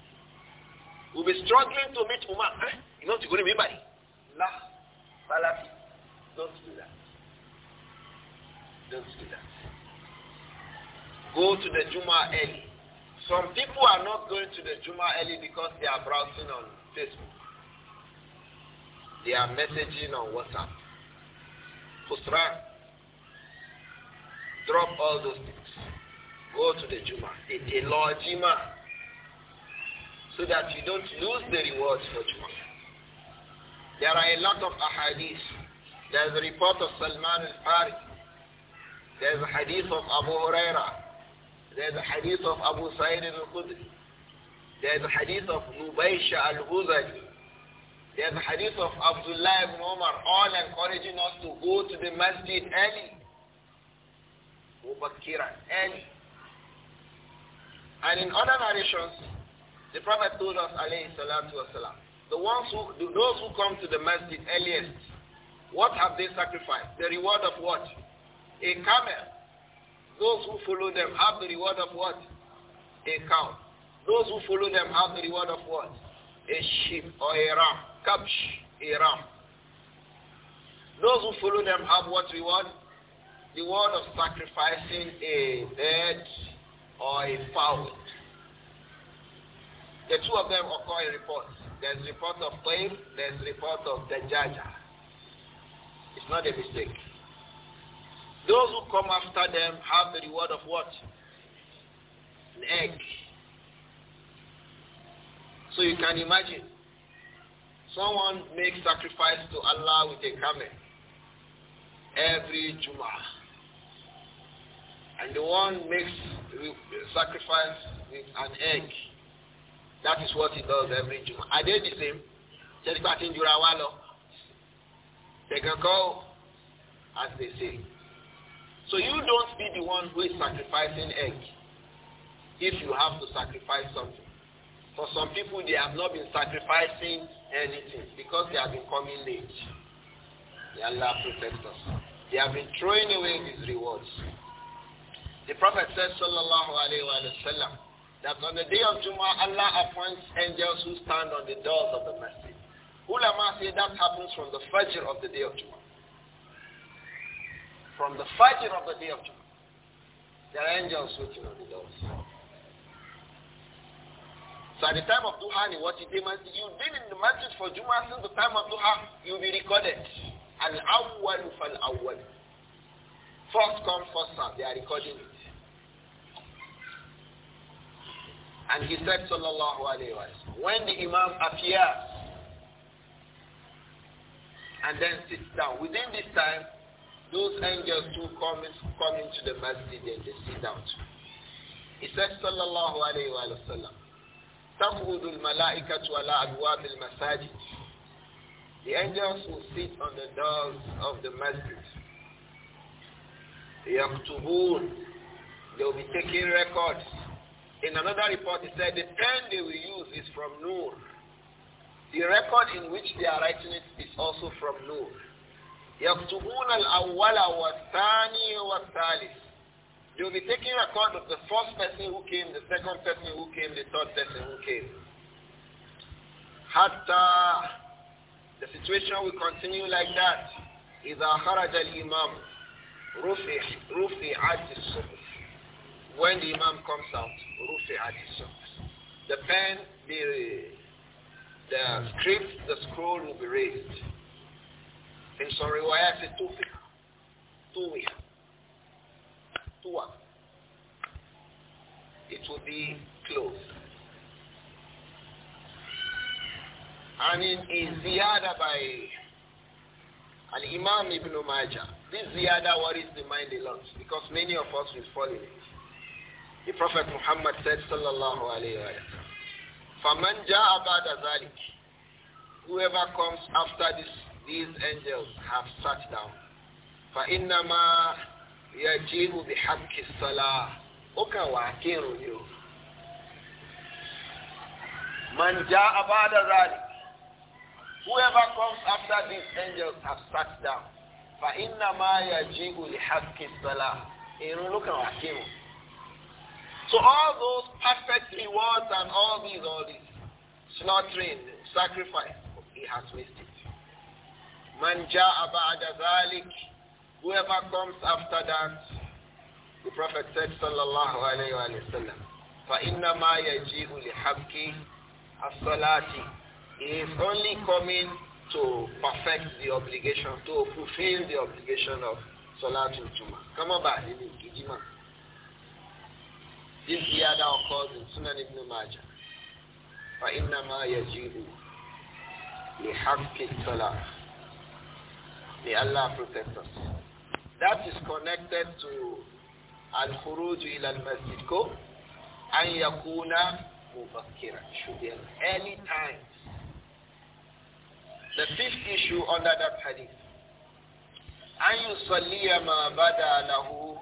We'll be struggling to meet Umar. Eh? You know to you're going to be married. Nah. Salafi, don't do that. Don't do that. Go to the Juma early. Some people are not going to the Juma early because they are browsing on Facebook. They are messaging on WhatsApp. Khusran, drop all those things. Go to the Juma. It's a Lord Juma. So that you don't lose the rewards for Juma. There are a lot of ahadith. There is a report of Salman al-Fari. There is a hadith of Abu Huraira. There is a hadith of Abu Sa'id al-Khudri. There is a hadith of Nubaysha al-Huzali. There is a hadith of Abdullah ibn Umar, all encouraging us to go to the masjid early. Mubakiran, early. And in other narrations, the Prophet told us, alayhi salatu wasalam, the ones who, those who come to the masjid earliest, what have they sacrificed? The reward of what? A camel. Those who follow them have the reward of what? A cow. Those who follow them have the reward of what? A sheep or a ram. Kapsh, a ram. Those who follow them have what reward? The reward of sacrificing a bird or a fowl. The two of them occur in reports. There's report of claim. there's report of judge. It's not a mistake. Those who come after them have the reward of what? An egg. So you can imagine. Someone makes sacrifice to Allah with a camel every Juma. And the one makes sacrifice with an egg that is what he does every Juma. Are they the same? Ṣẹ́dípà ti ń jura wá they Ṣẹ̀gàn as they say. So you don't be the one who is sacrificing egg if you have to sacrifice something. For some people, they have not been sacrificing anything because they have been coming late. Allah protect us. They have been throwing away his rewards. The Prophet said, Sallallahu Alaihi Wasallam, that on the day of Juma, Allah appoints angels who stand on the doors of the masjid. Ulama say that happens from the Fajr of the day of Juma. From the Fajr of the day of Juma, there are angels waiting on the doors. So at the time of Duha, what you did, you've been in the masjid for Juma since the time of Duha, you'll be recorded. Al-awwal fal-awwal. First come, first serve. They are recording it. And he said, sallallahu alayhi wa when the imam appears and then sits down, within this time, those angels too come, come into the masjid and they sit down too. He said, sallallahu alayhi wa sallam, تَمْهُدُ الْمَلَائِكَةُ عَلَىٰ أَبْوَابِ الْمَسَاجِدِ The angels will sit on the doors of the masjid. يَكْتُبُونَ They will be taking records in another report, it said the pen they will use is from Noor. The record in which they are writing it is also from Noor. يكتبون الأول والثاني والثالث They will be taking record of the first person who came, the second person who came, the third person who came. حتى the situation will continue like that. إذا خرج الإمام رفع رفعت الصحف when the imam comes out, rufi The pen, the, the script, the scroll will be raised. In some riwayat, it's tufiq, tuwiq, tuwa. It will be closed. And in, in ziyada by an Imam Ibn Majah, this ziyada worries the mind a lot because many of us will fall in it. The Prophet Muhammad said, Sallallahu Alayhi Wasallam, فَمَنْ جَاءَ بَعْدَ ذَلِكِ Whoever comes after this, these angels have sat down, فَإِنَّمَا يَجِيبُ بِحَقِّ الصَّلَاةِ Ó kàn wá kírun ni o. مَنْ جَاءَ بَعْدَ ذَلِكِ Whoever comes after these angels have sat down, فَإِنَّمَا يَجِيبُ لِحَقِّ الصَّلَاةِ Irun ló kàn so all those perfect rewards and all these, all these, slaughtering, sacrifice, he has wasted. Manja ja'a ba'da whoever comes after that, the Prophet said sallallahu alayhi wa sallam, فَإِنَّمَا يَجِئُ لِحَبْكِ الصَّلَاةِ He is only coming to perfect the obligation, to fulfill the obligation of Salatul Juma. Come on back, this ziyada occurs in Sunan ibn Majah. فإنما يجب لحق الصلاة. May Allah protect us. That is connected to al-khuruj ila al-masjid ko an yakuna mubakkira. Should be an early time. The fifth issue under that hadith. أن يصلي ما بدا له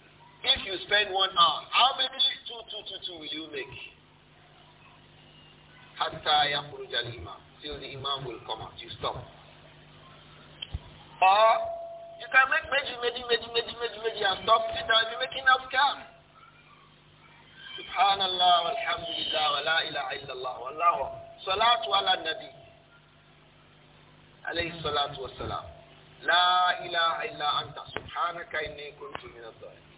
If you spend one hour, how many two, two, two, two will you make? Hatta yakhruj al Till the imam will come out. You stop. Or you can make meji, meji, meji, meji, meji, meji, and stop. Sit down. you be making afkar. Subhanallah, walhamdulillah, wa la ilaha illallah, wallahu. Salatu ala nabi. Alayhi salatu wa salam. لا إله إلا أنت سبحانك إني كنت من الظالمين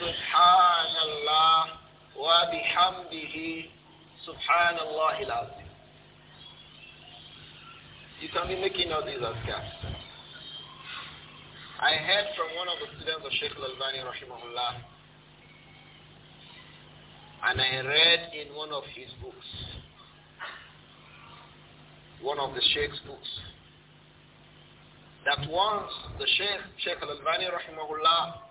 سبحان الله وبحمده سبحان الله العظيم You can be making all these azkars. I heard from one of the students of Sheikh Al-Albani rahimahullah and I read in one of his books, one of the Sheikh's books, that once the Sheikh, Sheikh Al-Albani rahimahullah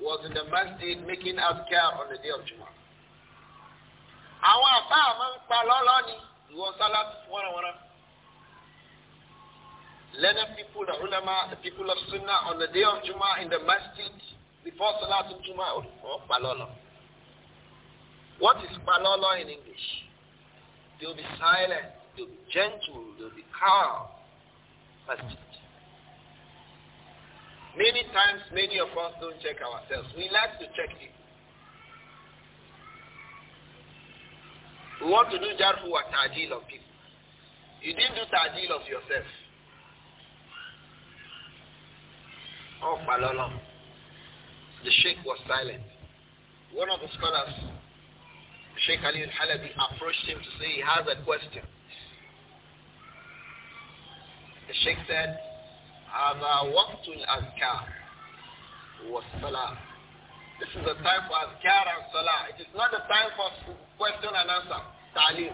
was in the masjid making azkar on the day of Juma. Àwọn àbá àmọ́ ń pa lọ́lọ́ ni ìwọ sálá wọ́nrawọ́nra. Learning people, the ulama, the people of Sunnah on the day of Juma in the masjid before salat of Juma or Palolo. What is Palolo in English? They'll be silent, they'll be gentle, they'll be calm. Masjid. Many times, many of us don't check ourselves. We like to check it. We want to do jarhu or tajil of people. You didn't do tajil of yourself. Oh, Malala. The sheikh was silent. One of the scholars, Sheikh Ali al-Halabi, approached him to say he has a question. The sheikh said, هذا وقت الأذكار والصلاة This is the time for Azkar and Salah. It is not the time for question and answer. That is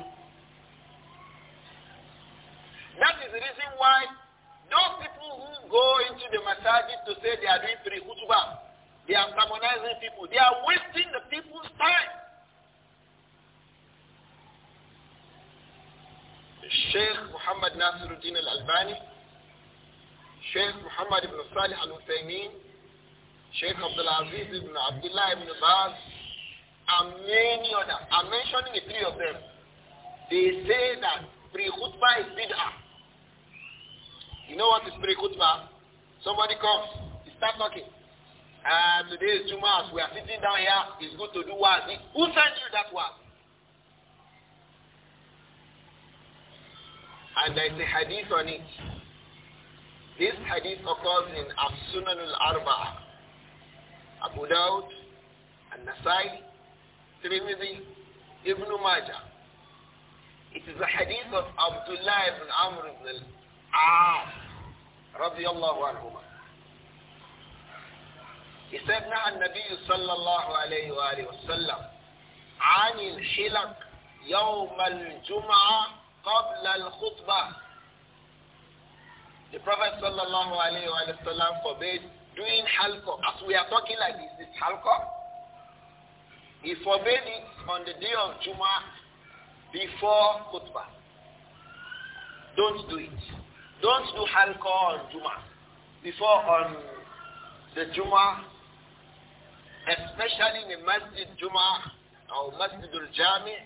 the reason why those people who go into the masajid to say they are doing three khutbah, they are harmonizing people. They are wasting the people's time. Sheikh Muhammad Nasiruddin al-Albani Sheikh Muhammad ibn Salih al-Husaymin, Sheikh Abdul Aziz ibn Abdullah ibn Baz, and many others. I'm mentioning the three of them. They say that pre-khutbah is bid'ah. You know what is pre-khutbah? Somebody comes, he starts talking. And uh, today is two months. We are sitting down here. It's good to do what? Who sent you that word? And there is a hadith on it. This hadith occurs in As-Sunan al-Arba'ah. Abu Dawud, An-Nasai, Tirmidhi, Ibn Majah. It is a hadith of Abdullah ibn Amr ibn al-Aas, radiyallahu anhumah. يسمع النبي صلى الله عليه وآله وسلم عن الحلق يوم الجمعة قبل الخطبة The Prophet sallallahu alayhi wa sallam forbade doing halqa. As we are talking like this, this halqa, he forbade it on the day of Juma before khutbah. Don't do it. Don't do halqa on Juma. Before on the Juma, especially in the Masjid Juma or Masjid al-Jami,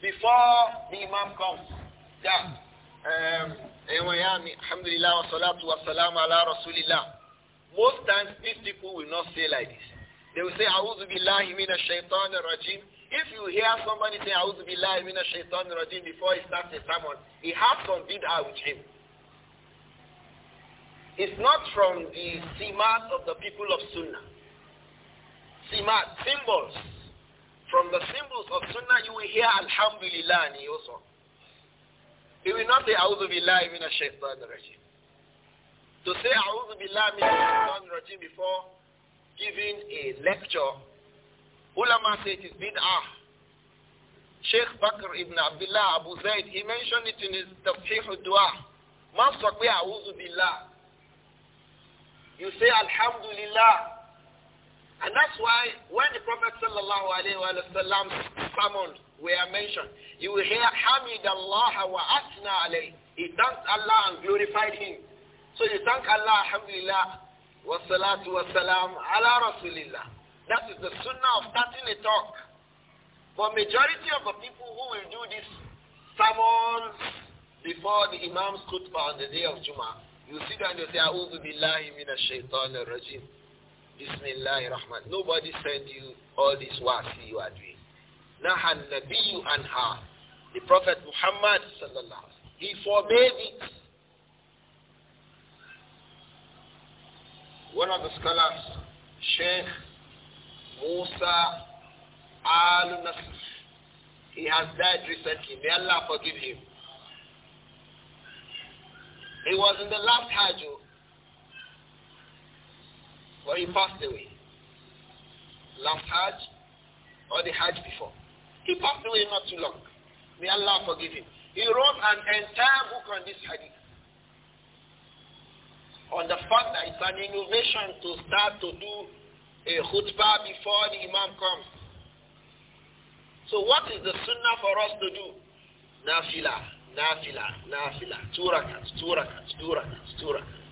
before the Imam comes. Yeah. Um, Anyway, alhamdulillah wa salatu wa salam ala rasulillah. Most times these people will not say like this. They will say, A'udhu billahi minash shaitan rajim. If you hear somebody say, A'udhu billahi minash shaitan rajim before he starts a sermon, he has some bid'ah with him. It's not from the simat of the people of Sunnah. Simat, symbols. From the symbols of Sunnah, you will hear Alhamdulillah and also. He will not say, A'udhu billahi min ash-shaytan rajim. To say, A'udhu billahi means ash-shaytan rajim before giving a lecture, ulama say it is bid'ah. Sheikh Bakr ibn Abdullah Abu Zaid, he mentioned it in his Tafsir al-Dua. Má sọ A'udhu billahi. You say, Alhamdulillah. And that's why when the Prophet sallallahu alayhi wa sallam summoned we are mentioned. You will hear Allah wa asna alayh. He thanked Allah and glorified him. So you thank Allah, alhamdulillah, wa salatu wa salam ala rasulillah. That is the sunnah of starting a talk. But majority of the people who will do this sermon before the Imam's khutbah on the day of Jummah, you see and they say, A'udhu billahi minash shaitan rajim. Bismillahir Rahman. Nobody sent you all this wasi you are doing. Nahan Nabiyu anha. The Prophet Muhammad sallallahu he forbade it. One of the scholars, Sheikh Musa Al Nasr, he has died recently. May Allah forgive him. He was in the last Hajj where he passed away. Last Hajj or the Hajj before. He passed away not too long. May Allah forgive him. He wrote an entire book on this hadith. On the fact that it's an innovation to start to do a khutbah before the imam comes. So what is the sunnah for us to do? Nafila, nafila, nafila. turaqat, turaqat, turaqat, turaqat.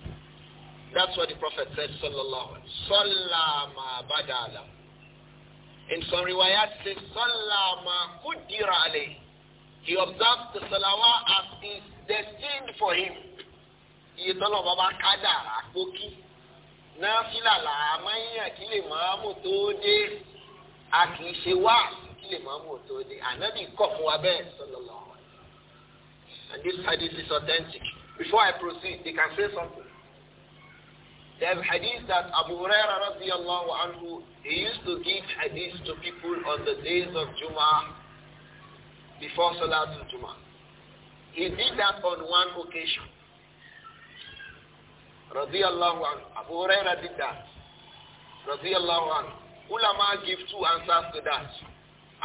That's what the Prophet said, sallallahu alaihi wasallam. In some riwayat says, Sallama Qudira He observes the salawat as is destined for him. Iye tọ́lọ̀ bàbá kádàrá pókí. Náà fílàlà àmáyàn kí lè máa mú tó dé. A kì í ṣe wá kí lè máa mú And this hadith is authentic. Before I proceed, they can say something. Then hadith that Abu Huraira radiallahu anhu, he used to give hadith to people on the days of Jum'ah before Salatul Jum'ah. He did that on one occasion. Radiallahu anhu. Abu Huraira did that. Radiallahu anhu. Ulama give two answers to that.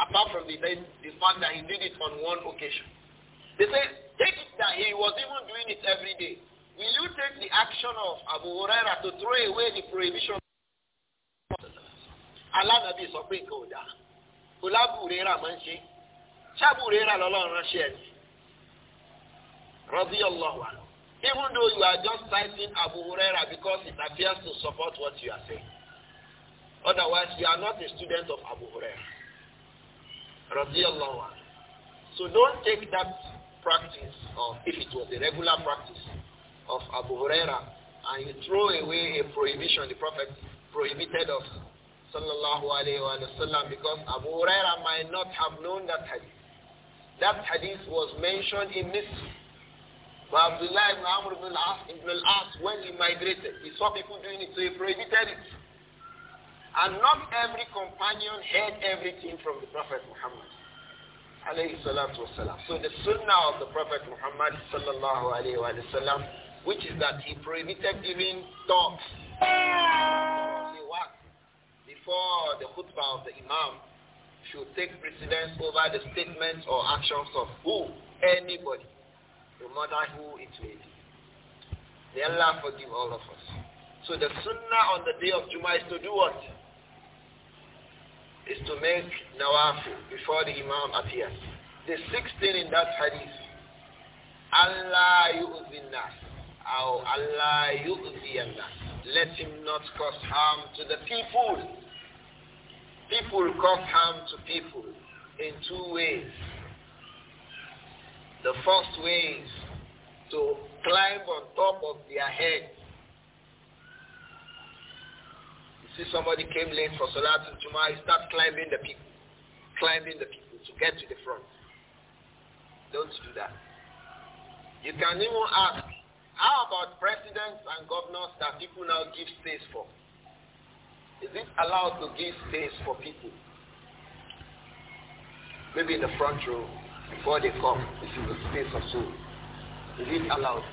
Apart from the, the fact that he did it on one occasion. They say, take it that he was even doing it every day. Will you take the action of Abu Huraira to throw away the prohibition? Alánàbí sọ pé nǹkan ò dáa. Kòlábù Huraira máa ń ṣe. Huraira lọ́lọ́run ránṣẹ́ ẹ̀ Rọ́bí Ọlọ́wà. Even though you are just citing Abu Huraira because it appears to support what you are saying. Otherwise, you are not a student of Abu Huraira. Rọ́bí Ọlọ́wà. So don't take that practice, or if it was a regular practice, of Abu Huraira and you throw away a prohibition the Prophet prohibited us sallallahu alayhi wa sallam because Abu Huraira might not have known that hadith. That hadith was mentioned in Misr. But Abdullah ibn Amr ibn al-As, ibn al-As when he migrated, he saw people doing it so he prohibited it. And not every companion heard everything from the Prophet Muhammad. So the sunnah of the Prophet Muhammad sallallahu alayhi wa sallam which is that he prohibited giving talks before the khutbah of the imam should take precedence over the statements or actions of who? Anybody, no matter who it may be. May Allah forgive all of us. So the sunnah on the day of Jummah is to do what? Is to make nawafil before the imam appears. The sixth thing in that hadith, Allah yu'zin nas. أو Allah, يؤذي let him not cause harm to the people people cause harm to people in two ways the first way is to climb on top of their head. you see somebody came late for Salatul Jummah, he start climbing the people, climbing the people to get to the front. Don't do that. You can even ask how about presidents and governors that people now give space for? Is it allowed to give space for people? Maybe in the front row before they come, this is a space or so. Is it allowed?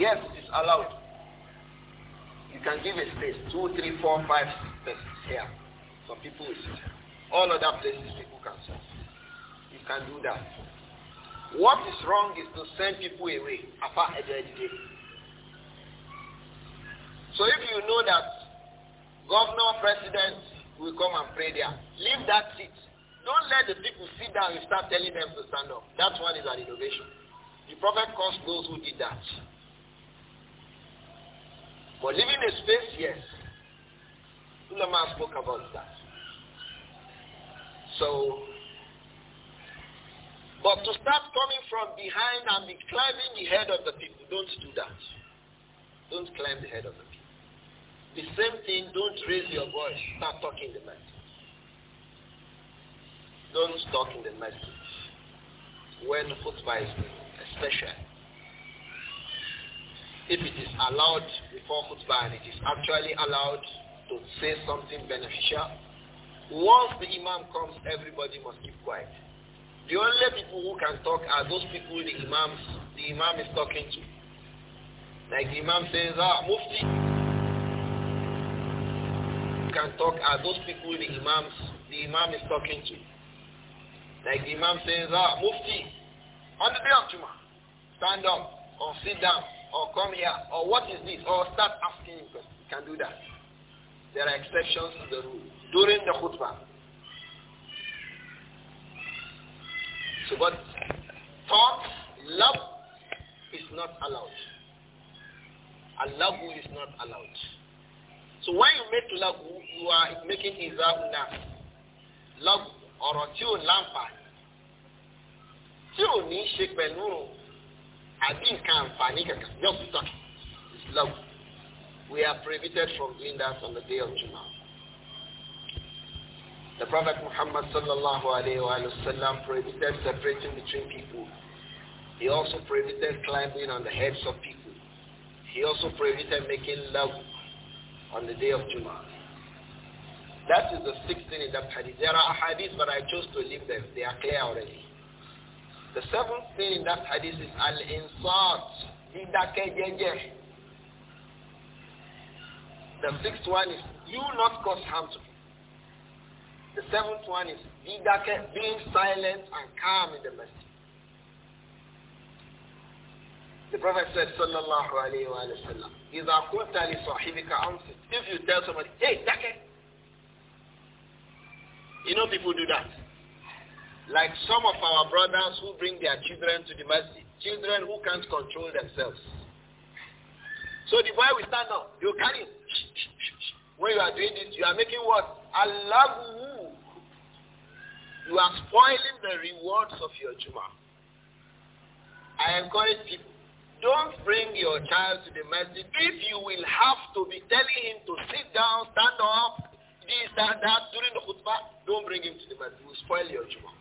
Yes, it is allowed. You can give a space, two, three, four, five spaces here. Some people will sit. All other places people can sit. You can do that. What is wrong is to send people away. So if you know that governor, president will come and pray there, leave that seat. Don't let the people sit down and start telling them to stand up. That one is an innovation. The prophet cursed those who did that. But leaving a space, yes. Ulama spoke about that. So but to start coming from behind and be climbing the head of the people, don't do that. Don't climb the head of the people. The same thing, don't raise your voice. Start talking the message. Don't talk in the message. When khutbah is especially. If it is allowed before khutbah and it is actually allowed to say something beneficial, once the imam comes, everybody must keep quiet. The only people who can talk are those people the imams, the imam is talking to. Like the imam says, ah, mufti. You can talk are those people the imams, the imam is talking to. Like the imam says, ah, mufti. On the day of Juma, stand up or sit down or come here or what is this or start asking questions. You can do that. There are exceptions to the rule. During the khutbah, So but thought, love is not allowed. A love is not allowed. So when you make love, you are making izauna. Now, love or a two Tí Two ní I pẹ̀lú àbí nǹkan àǹfààní kankan. Just talk. It's love. We are prohibited from doing that on the day of Jumah. The Prophet Muhammad sallallahu alayhi wa prohibited separating between people. He also prohibited climbing on the heads of people. He also prohibited making love on the day of Jummah. That is the sixth thing in that hadith. There are hadiths, but I chose to leave them. They are clear already. The seventh thing in that hadith is al-insat, The sixth one is you not cause harm to people. The seventh one is being silent and calm in the masjid. The Prophet said, Sallallahu Alaihi Wasallam, If you tell somebody, hey, dake. You know people do that. Like some of our brothers who bring their children to the masjid. Children who can't control themselves. So the boy will stand up. You carry him. When you are doing this, you are making what? Allahu you are spoiling the rewards of your Juma. I encourage people, don't bring your child to the mosque if you will have to be telling him to sit down, stand up, this, that, that, during the khutbah, don't bring him to the mosque; You will spoil your Juma.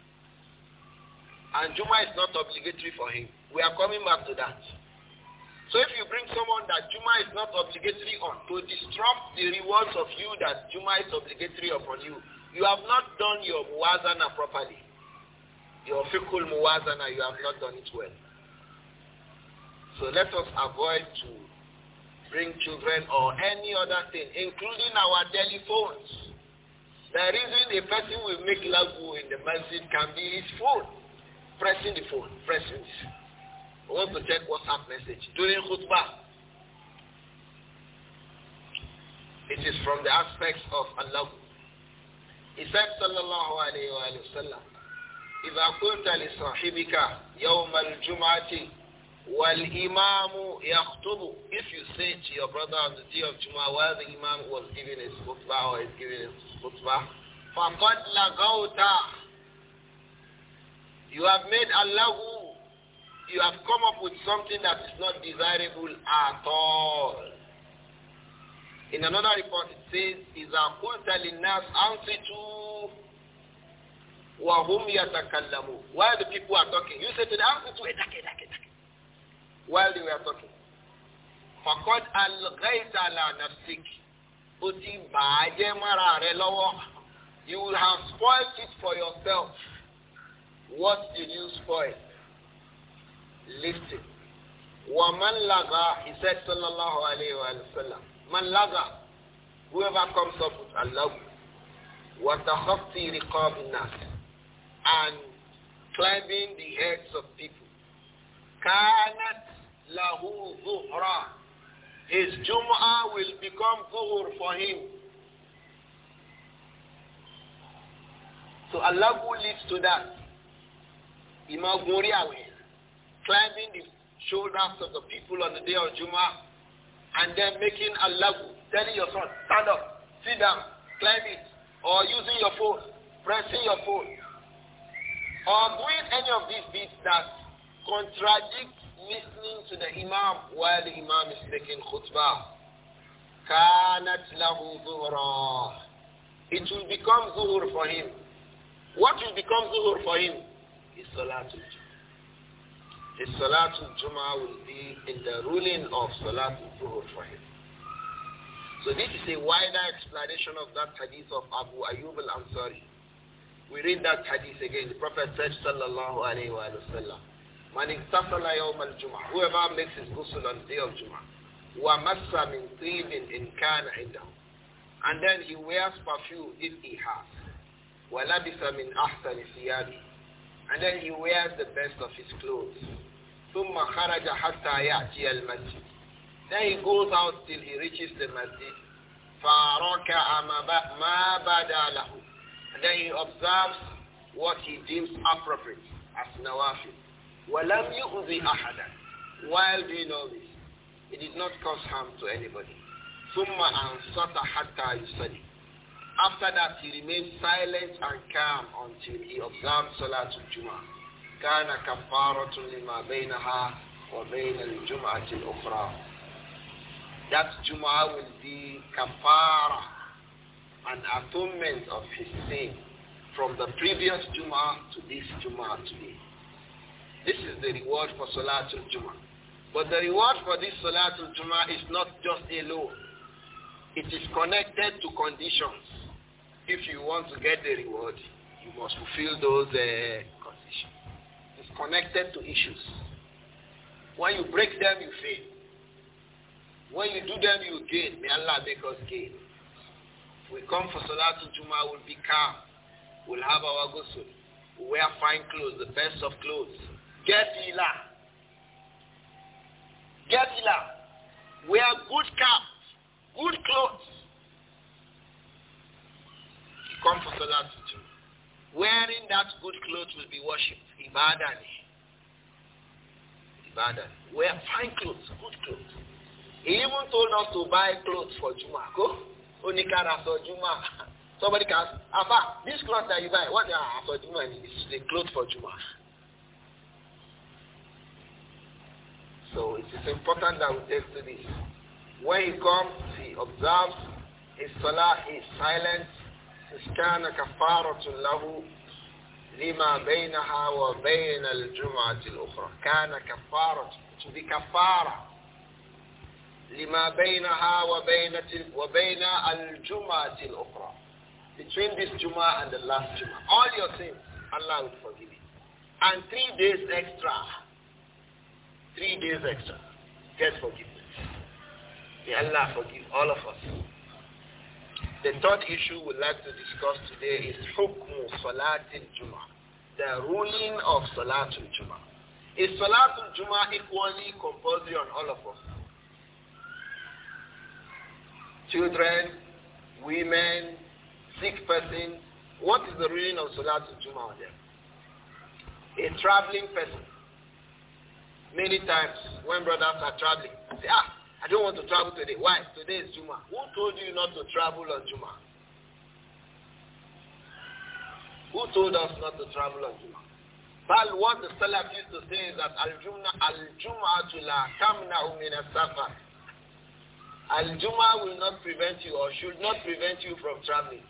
And Juma is not obligatory for him. We are coming back to that. So if you bring someone that Juma is not obligatory on to disrupt the rewards of you that Juma is obligatory upon you, you have not done your muwazana properly. Your fiqhul muwazana, you have not done it well. So let us avoid to bring children or any other thing, including our telephones. The reason a person will make lagu in the masjid can be his phone. Pressing the phone, pressing this. I want to check WhatsApp message during khutbah. It is from the aspects of Allah He صلى الله عليه وآله وسلم إذا قلت لصاحبك يوم الجمعة والإمام يخطب If you say to your brother on the day of Jum'ah while the Imam was giving his khutbah or is giving his khutbah فَقَدْ لَغَوْتَ You have made Allah You have come up with something that is not desirable at all In another report it says, is إِذَا قُلْتَ لِلنَّاسِ أَنْصِتُوا وَهُمْ يَتَكَلَّمُونَ While the people are talking, you say to them, أَنْصِتُوا إِدَكِ إِدَكِ إِدَكِ While they were talking. فَقَدْ أَلْغَيْتَ عَلَى نَفْسِكِ O ti bàájẹ́ mọ́ra rẹ lọ́wọ́. You will have spoiled it for yourself. What did you spoil? Listen. وَمَنْ لَغَى He said, sallallahu alayhi wa sallam. Man laga. Whoever comes up with Allah. وَتَخَطِّي رِقَابِ النَّاسِ And climbing the heads of people. كَانَتْ لَهُ ظُهْرًا His Jum'ah will become zuhur for him. So Allah leads to that. Imam Muriawe, climbing the shoulders of the people on the day of Jum'ah and then making a lagu, telling your son, stand up, sit down, climb it, or using your phone, pressing your phone, or doing any of these deeds that contradict listening to the imam while the imam is making khutbah. كانت له ظهرا It will become zuhur for him. What will become zuhur for him? Is salatul the Salatul Jummah will be in the ruling of Salatul Zuhur for him. So this is a wider explanation of that hadith of Abu Ayyub al-Ansari. We read that hadith again. The Prophet said, Sallallahu alayhi wa sallam, Man iktasala yawm al jummah whoever makes his ghusl on the day of Jum'ah, wa massa min tibin in kana indahu. And then he wears perfume if he has. Wa labisa min ahsani siyabi. And then he wears the best of his clothes. ثم خرج حتى يأتي المسجد Then he goes out till he reaches the masjid. فَرَكَعَ مَا بَدَى لَهُ And then he observes what he deems appropriate as nawafil. وَلَمْ يُؤْذِ أَحَدًا While doing all this, it did not cause harm to anybody. ثُمَّ أَنْصَتَ حَتَّى يُصَلِي After that, he remains silent and calm until he observes Salatul Jumu'ah. كان كفارة لما بينها وبين الجمعة الأخرى That Jum'ah will be kafara, an atonement of his sin from the previous Jum'ah to this Jum'ah today. This is the reward for Salatul Jum'ah. But the reward for this Salatul Jum'ah is not just alone. It is connected to conditions. If you want to get the reward, you must fulfill those uh, connected to issues. When you break them, you fail. When you do them, you gain. May Allah make us gain. We come for Salatul Juma, we'll be calm. We'll have our ghusl. We'll wear fine clothes, the best of clothes. Get ilah. Get We Wear good cap, good clothes. You come for Salatul Juma. Wearing that good clothes will be worshipped. Ibadan. Ibadan. Wear fine clothes, good clothes. He even told us to buy clothes for Juma. Go. Onikara for Juma. Somebody can ask, Afa, this clothes that you buy, what they are for Juma it's the clothes for Juma. So it is important that we take to this. When he comes, he observes, his salah is silent, his kana kafaratun lahu, لما بينها وبين الجمعة الأخرى كان كفارة بكفارة لما بينها وبين وبين الجمعة الأخرى between this Juma and the last Juma all your sins Allah will forgive you and three days extra three days extra get forgiveness may Allah forgive all of us The third issue we'd like to discuss today is Hukmu Salatul Juma, the ruling of Salatul Juma. Is Salatul Juma equally compulsory on all of us? Children, women, sick person, what is the ruling of Salatul Juma on them? A traveling person. Many times when brothers are traveling, they say, ah, I don't want to travel today. Why? Today is Juma. Who told you not to travel on Juma? Who told us not to travel on Juma? But what the Salaf used to say is that al juma al juma la tamna'u min as Al-Jum'a will not prevent you or should not prevent you from traveling.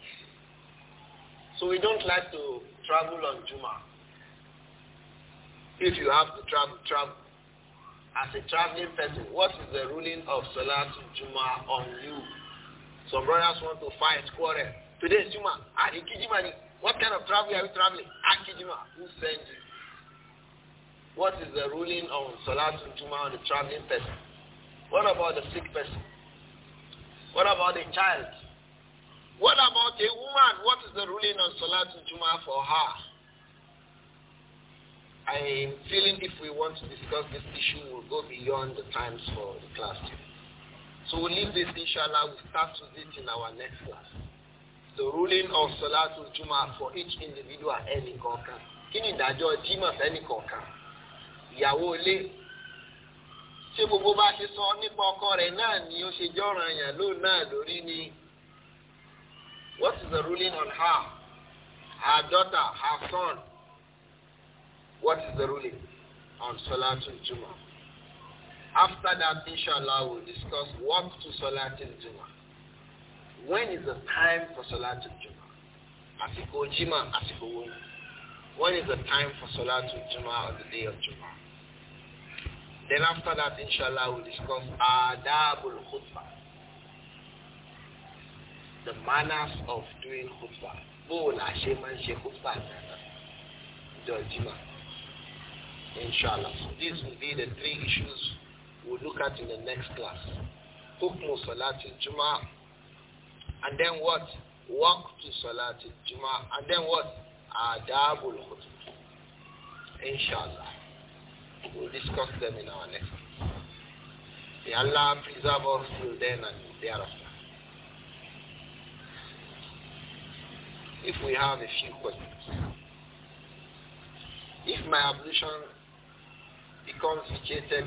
So we don't like to travel on Juma. If you have to travel, travel as a traveling person, what is the ruling of Salat Juma on you? Some brothers want to fight, quarrel. Today is Juma. Ah, what kind of travel are you traveling? Aki ah, Who sent you? What is the ruling on Salat Juma on the traveling person? What about the sick person? What about the child? What about a woman? What is the ruling on Salat Juma for her? I feeling if we want to discuss this issue, we'll go beyond the times for the class. So we'll leave this, inshallah. We'll start with it in our next class. The ruling of Salatul Juma for each individual any koka. Kini ni ìdájọ́ Jimá fẹ́ni kọ̀ọ̀kan? Ìyàwó ilé. Ṣé gbogbo bá ti sọ nípa ọkọ rẹ̀ náà ni ó ṣe jọ́ràn yàn lóun náà lórí ni? What is the ruling on her, her daughter, her son? What is the ruling on Salatul Juma? After that, inshallah, we'll discuss what to Salatul Juma. When is the time for Salatul Juma? Asiko Jima, Asiko When is the time for Salatul Juma on the day of Juma? Then after that, inshallah, we'll discuss Adabul Khutbah. The manners of doing khutbah. Bó o là khutbah náà? Jimá. Inshallah. So these will be the three issues we'll look at in the next class. Hukmu Salatul Juma, And then what? to Salatul Juma, And then what? Adabul Khutbah. Inshallah. We'll discuss them in our next class. May Allah preserve us till then and thereafter. If we have a few questions. If my ablution becomes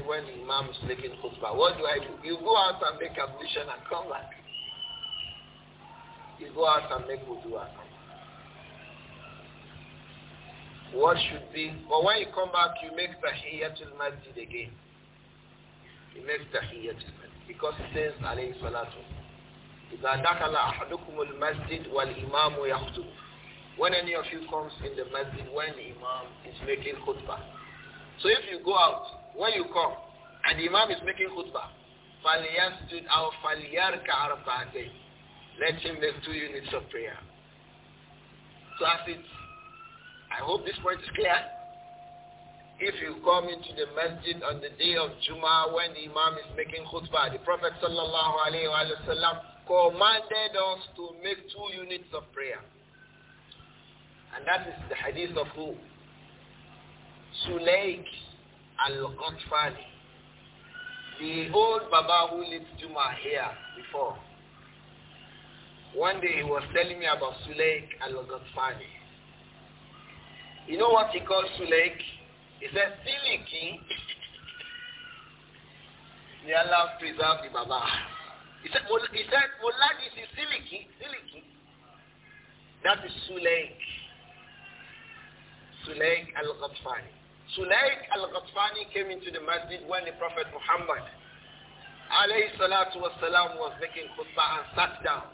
when Imam is making khutbah. What do I do? You go out and make ablution and come back. You go out and make wudu and come back. What should be? But when you come back, you make tahiyatul masjid again. You make tahiyyatul masjid. Because it says, alayhi salatu, إِذَا دَخَلَ أَحَدُكُمُ الْمَسْجِدِ وَالْإِمَامُ يَخْتُبُ When any of you comes in the masjid, when the imam is making khutbah, so if you go out, when you come, and the imam is making khutbah, فَلْيَسْجُدْ أَوْ فَلْيَرْكَ عَرَفَاتِهِ Let him make two units of prayer. So as it, I hope this point is clear. If you come into the masjid on the day of Jummah when the imam is making khutbah, the Prophet sallallahu alayhi wa sallam commanded us to make two units of prayer. And that is the hadith of who? Suleik Al-Qatfani, the old Baba who lived Juma here before. One day he was telling me about Suleik Al-Qatfani. You know what he called Suleik? He said, Siliki. May Allah preserve the Baba. He said, he said Muladi is Silly Siliki. That is Suleik. Suleik Al-Qatfani. Sunaik al-Ghatfani came into the masjid when the Prophet Muhammad alayhi salatu wasalam was making khutbah and sat down.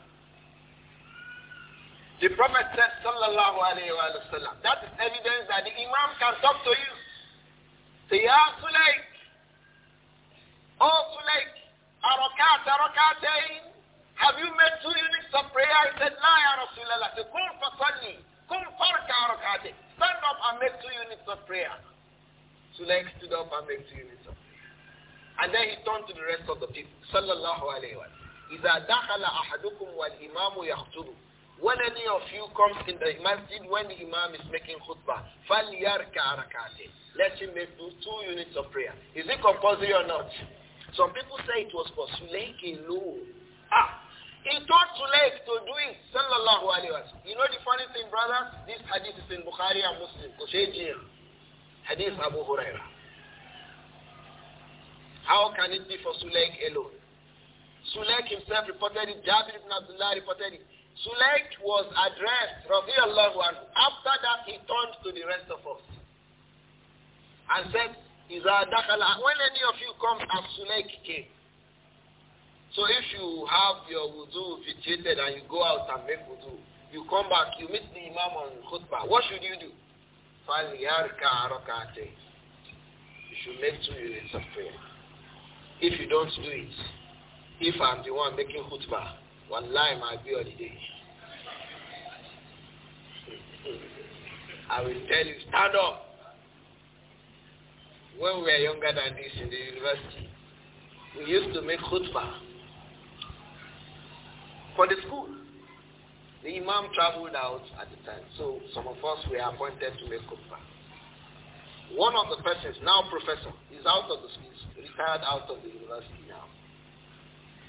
The Prophet said sallallahu alayhi wa sallam, that is evidence that the Imam can talk to you. Say, Ya Sunaik, Oh Sunaik, Arakat, Arakatain, have you made two units of prayer? He said, La ya Rasulallah, say, Kum fasalli, Kum farka arakatain. Stand up and make two units of prayer. Sulaik stood up and made two units of prayer. And then he turned to the rest of the people. Sallallahu alayhi wa إِذَا When any of you comes in the masjid when the imam is making khutbah, Let him make two, two units of prayer. Is it compulsory or not? Some people say it was for Sulaik Ah, he taught Sulaik to do it. Sallallahu alayhi wa You know the funny thing, brothers? This hadith is in Bukhari and Muslim hadith Abu Huraira. How can it be for Sulaik alone? Sulaik himself reported it. Jabir ibn Abdullah reported it. Sulaik was addressed, radiallahu anhu. After that, he turned to the rest of us and said, Iza dakhala. When any of you comes as Sulaik came, so if you have your wudu vitiated and you go out and make wudu, you come back, you meet the imam on khutbah, what should you do? فَلْيَرْكَعْ رَكَعَتَيْنِ You should make two units of prayer. If you don't do it, if I'm the one making khutbah, one line might be on the day. I will tell you, stand up. When we were younger than this in the university, we used to make khutbah for the school. The Imam traveled out at the time, so some of us were appointed to make khutbah. One of the persons, now professor, is out of the school, retired out of the university now.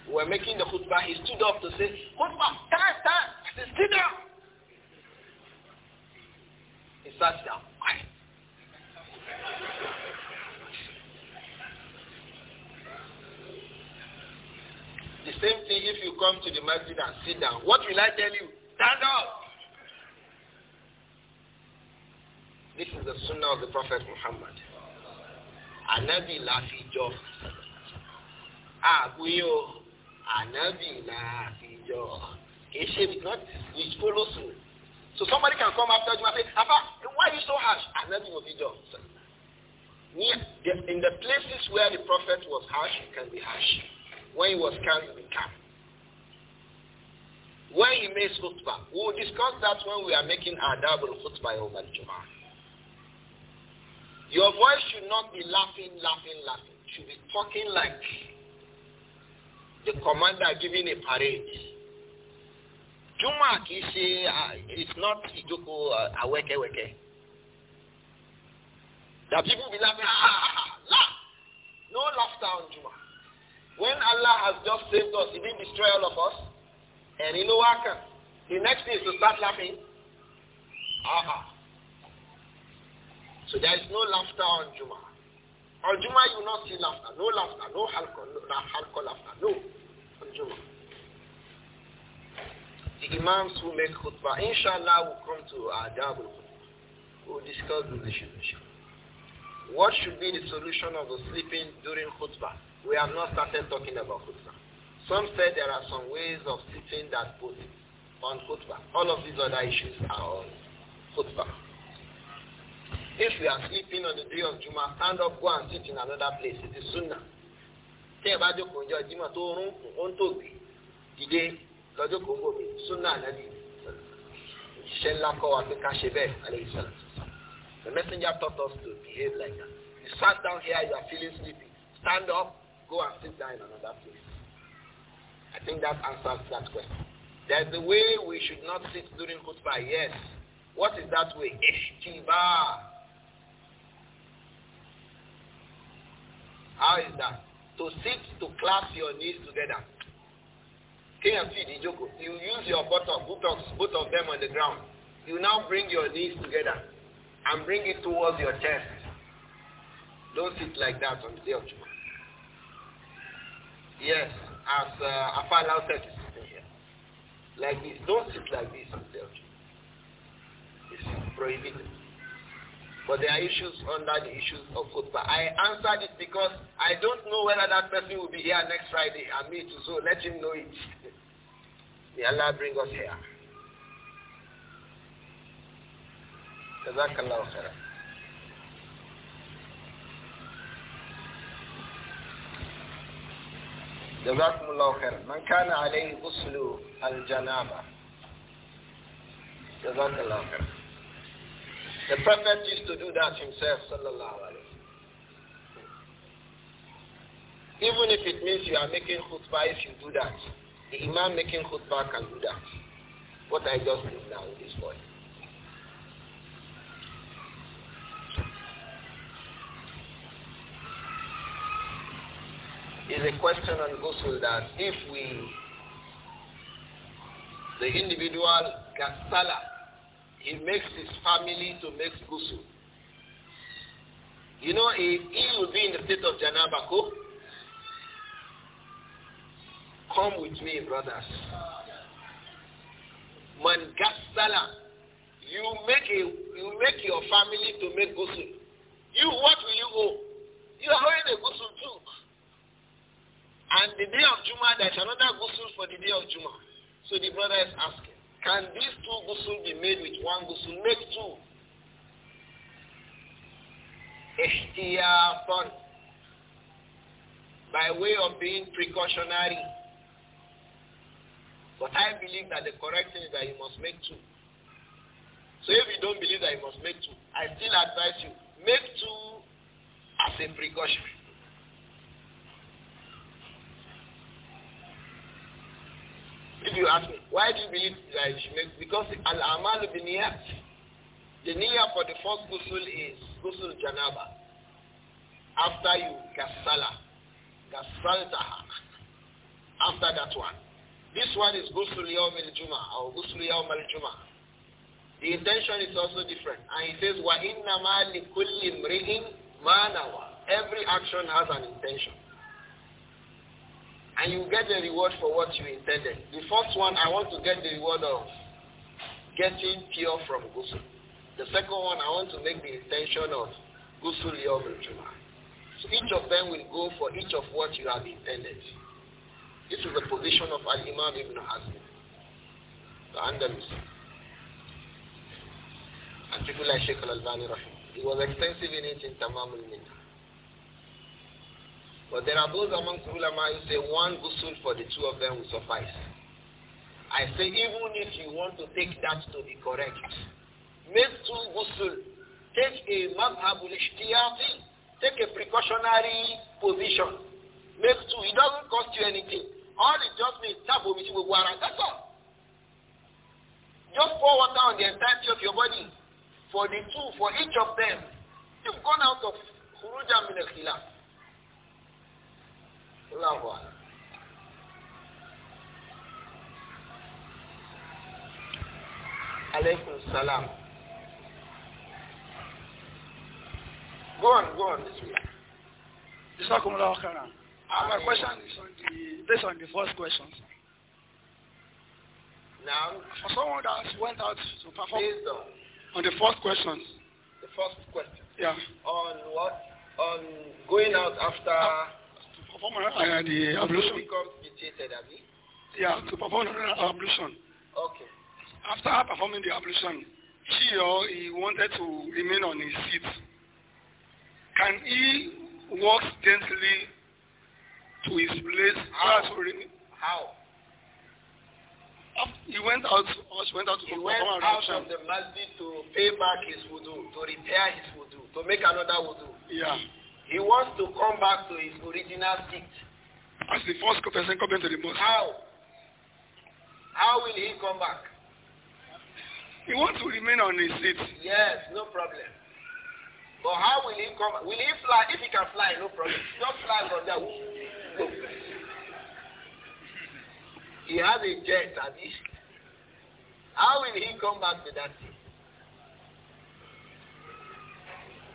We were making the khutbah, he stood up to say, khutbah, stand, stand, sit down. He sat down. the same thing if you come to the masjid and sit down. What will I tell you? Stand up. This is the sunnah of the Prophet Muhammad. Anabi la fi jọ. Àgbéyò Anabi la fi jọ. Kì í not which follow through. So somebody can come after you and say, Papa, why are you so harsh? Anabi will be jọ. In the places where the Prophet was harsh, he can be harsh. When he was calm, he can be calm. When he makes khutbah, we will discuss that when we are making our double khutbah over jumah Your voice should not be laughing, laughing, laughing. You should be talking like the commander giving a parade. Juma you see, uh, it's not aweke weke. The people be laughing, ah, ah, ah, ah laugh. No laughter on Juma. When Allah has just saved us, He didn't destroy all of us. And in the kàn the next thing is to start laughing ah so there is no laughter on juma on juma you will not see laughter no laughter no halko no na laughter no on juma the imams who make khutbah inshallah will come to adab uh, we'll discuss the issue what should be the solution of the sleeping during khutbah we have not started talking about khutbah some said there are some ways of sitting that put on khutbah. All of these other issues are on khutbah. If you are sleeping on the day of Juma, stand up, go and sit in another place. It is sunnah. Tẹ́ ẹ bá jókòó ìjọ ìjímọ̀ tó rún òun tó gbé dìde lọ́jọ́ kò ń sunnah nàbí. Ṣé ńlá kọ́ wa pé ká ṣe bẹ́ẹ̀ alẹ́ The messenger taught us to behave like that. You sat down here, you are feeling sleepy. Stand up, go and sit down in another place. I think that answers that question. There's a way we should not sit during khutbah, yes. What is that way? Ishtiba. How is that? To sit, to clasp your knees together. KFC, Dijoko, you use your buttock, buttocks, both of them on the ground. You now bring your knees together and bring it towards your chest. Don't sit like that on the day of Juma. Yes as uh, Afalau said here. Like this. Don't sit like this and tell you. It's prohibited. But there are issues under the issues of khutbah. I answered it because I don't know whether that person will be here next Friday and me too, so let him know it. May Allah bring us here. جزاك الله جزاكم الله خيرا من كان عليه غسل الجنابة جزاك الله خيرا The Prophet used to do that himself sallallahu alayhi Even if it means you are making khutbah, if you do that, the imam making khutbah can do that. What I just did now in this voice. is a question on ghusl that if we, the individual Gasala, he makes his family to make ghusl. You know, he, he will be in the state of Janabako. Come with me, brothers. Man you make a, you make your family to make ghusl. You, what will you owe? You are owing a ghusl too. And the day of Juma, there's another ghusl for the day of Juma. So the brother is asking, can these two ghusl be made with one ghusl? Make two. Ihtiyatan. By way of being precautionary. But I believe that the correct thing is that you must make two. So if you don't believe that you must make two, I still advise you, make two as a precaution. ask me, why do you believe that you Because al-amal bin The niya for the first ghusl is ghusl janaba. After you gasala, gasaltaha. After that one. This one is ghusl yawm al-jum'ah or ghusl yawm al The intention is also different. And he says, وَإِنَّمَا inna امْرِئٍ مَا نَوَى Every action has an intention and you get the reward for what you intended. The first one, I want to get the reward of getting pure from Gusul. The second one, I want to make the intention of Gusul Yom Juma. So each of them will go for each of what you have intended. This is the position of Al-Imam Ibn Hazm, the Andalus. And people like Sheikh Al-Albani, he was extensive in it in Tamam al-Minna. But there are those among ulama who say one ghusl for the two of them will suffice. I say even if you want to take that to be correct, make two ghusl. Take a madhabul Take a precautionary position. Make two. It doesn't cost you anything. All it just means tabo with wara. That's all. Just pour water on the entirety of your body. For the two, for each of them. You've gone out of huruja min al-khilaf. Allahu a'lam. Alaykum salam. Go on, go on. Bismillah. Ah, My question is on the, based on the first question. Now, for someone that went out to perform on, the first question. The first question. Yeah. On what? On going out after ah perform uh, the ablution. Yeah, to perform the ablution. Okay. After performing the ablution, she or he wanted to remain on his seat. Can he walk gently to his place? How? to How? He went out. He went out, to he went out of the masjid to pay back his wudu, to repair his wudu, to make another wudu. Yeah. He wants to come back to his original seat. As the first person coming to the mosque. How? How will he come back? He wants to remain on his seat. Yes, no problem. But how will he come? Will he fly? If he can fly, no problem. Don't fly from that. He has a jet, at least. How will he come back to that seat?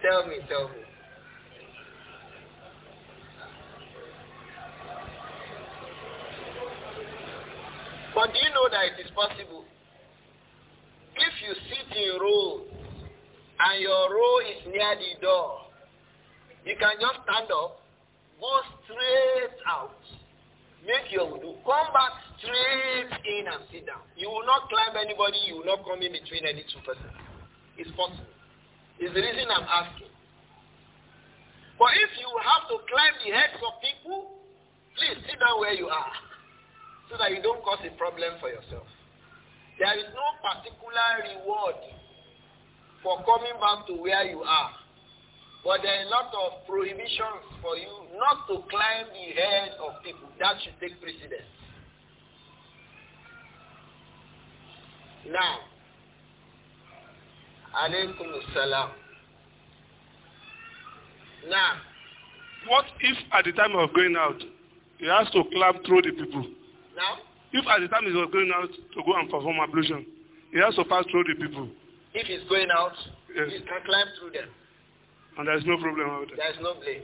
Tell me, tell me. But do you know that it is possible? If you sit in row and your row is near the door, you can just stand up, go straight out, make your wudu, come back straight in and sit down. You will not climb anybody, you will not come in between any two persons. It's possible. It's the reason I'm asking. But if you have to climb the heads of people, please sit down where you are so that you don't cause a problem for yourself. There is no particular reward for coming back to where you are. But there are a lot of prohibitions for you not to climb the head of people. That should take precedence. Now, alaykum salam. Now, what if at the time of going out, you have to climb through the people? Now? If at the time he was going out to go and perform ablution, he has to pass through the people. If he's going out, yes. he can climb through them. And there's no problem about it. There's no blame.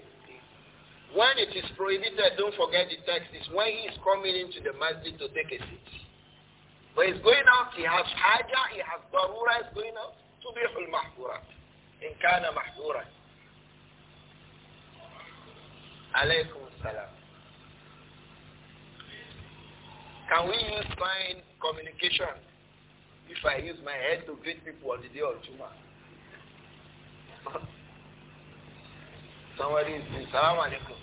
When it is prohibited, don't forget the text is when he is coming into the masjid to take a seat. When he's going out, he has haja, he has barura, he's going out. to تبيح المحظورات إن كان محظورا عليكم السلام Can we use sign communication if I use my head to greet people on the day of Juma? Somebody is saying, Salam alaikum.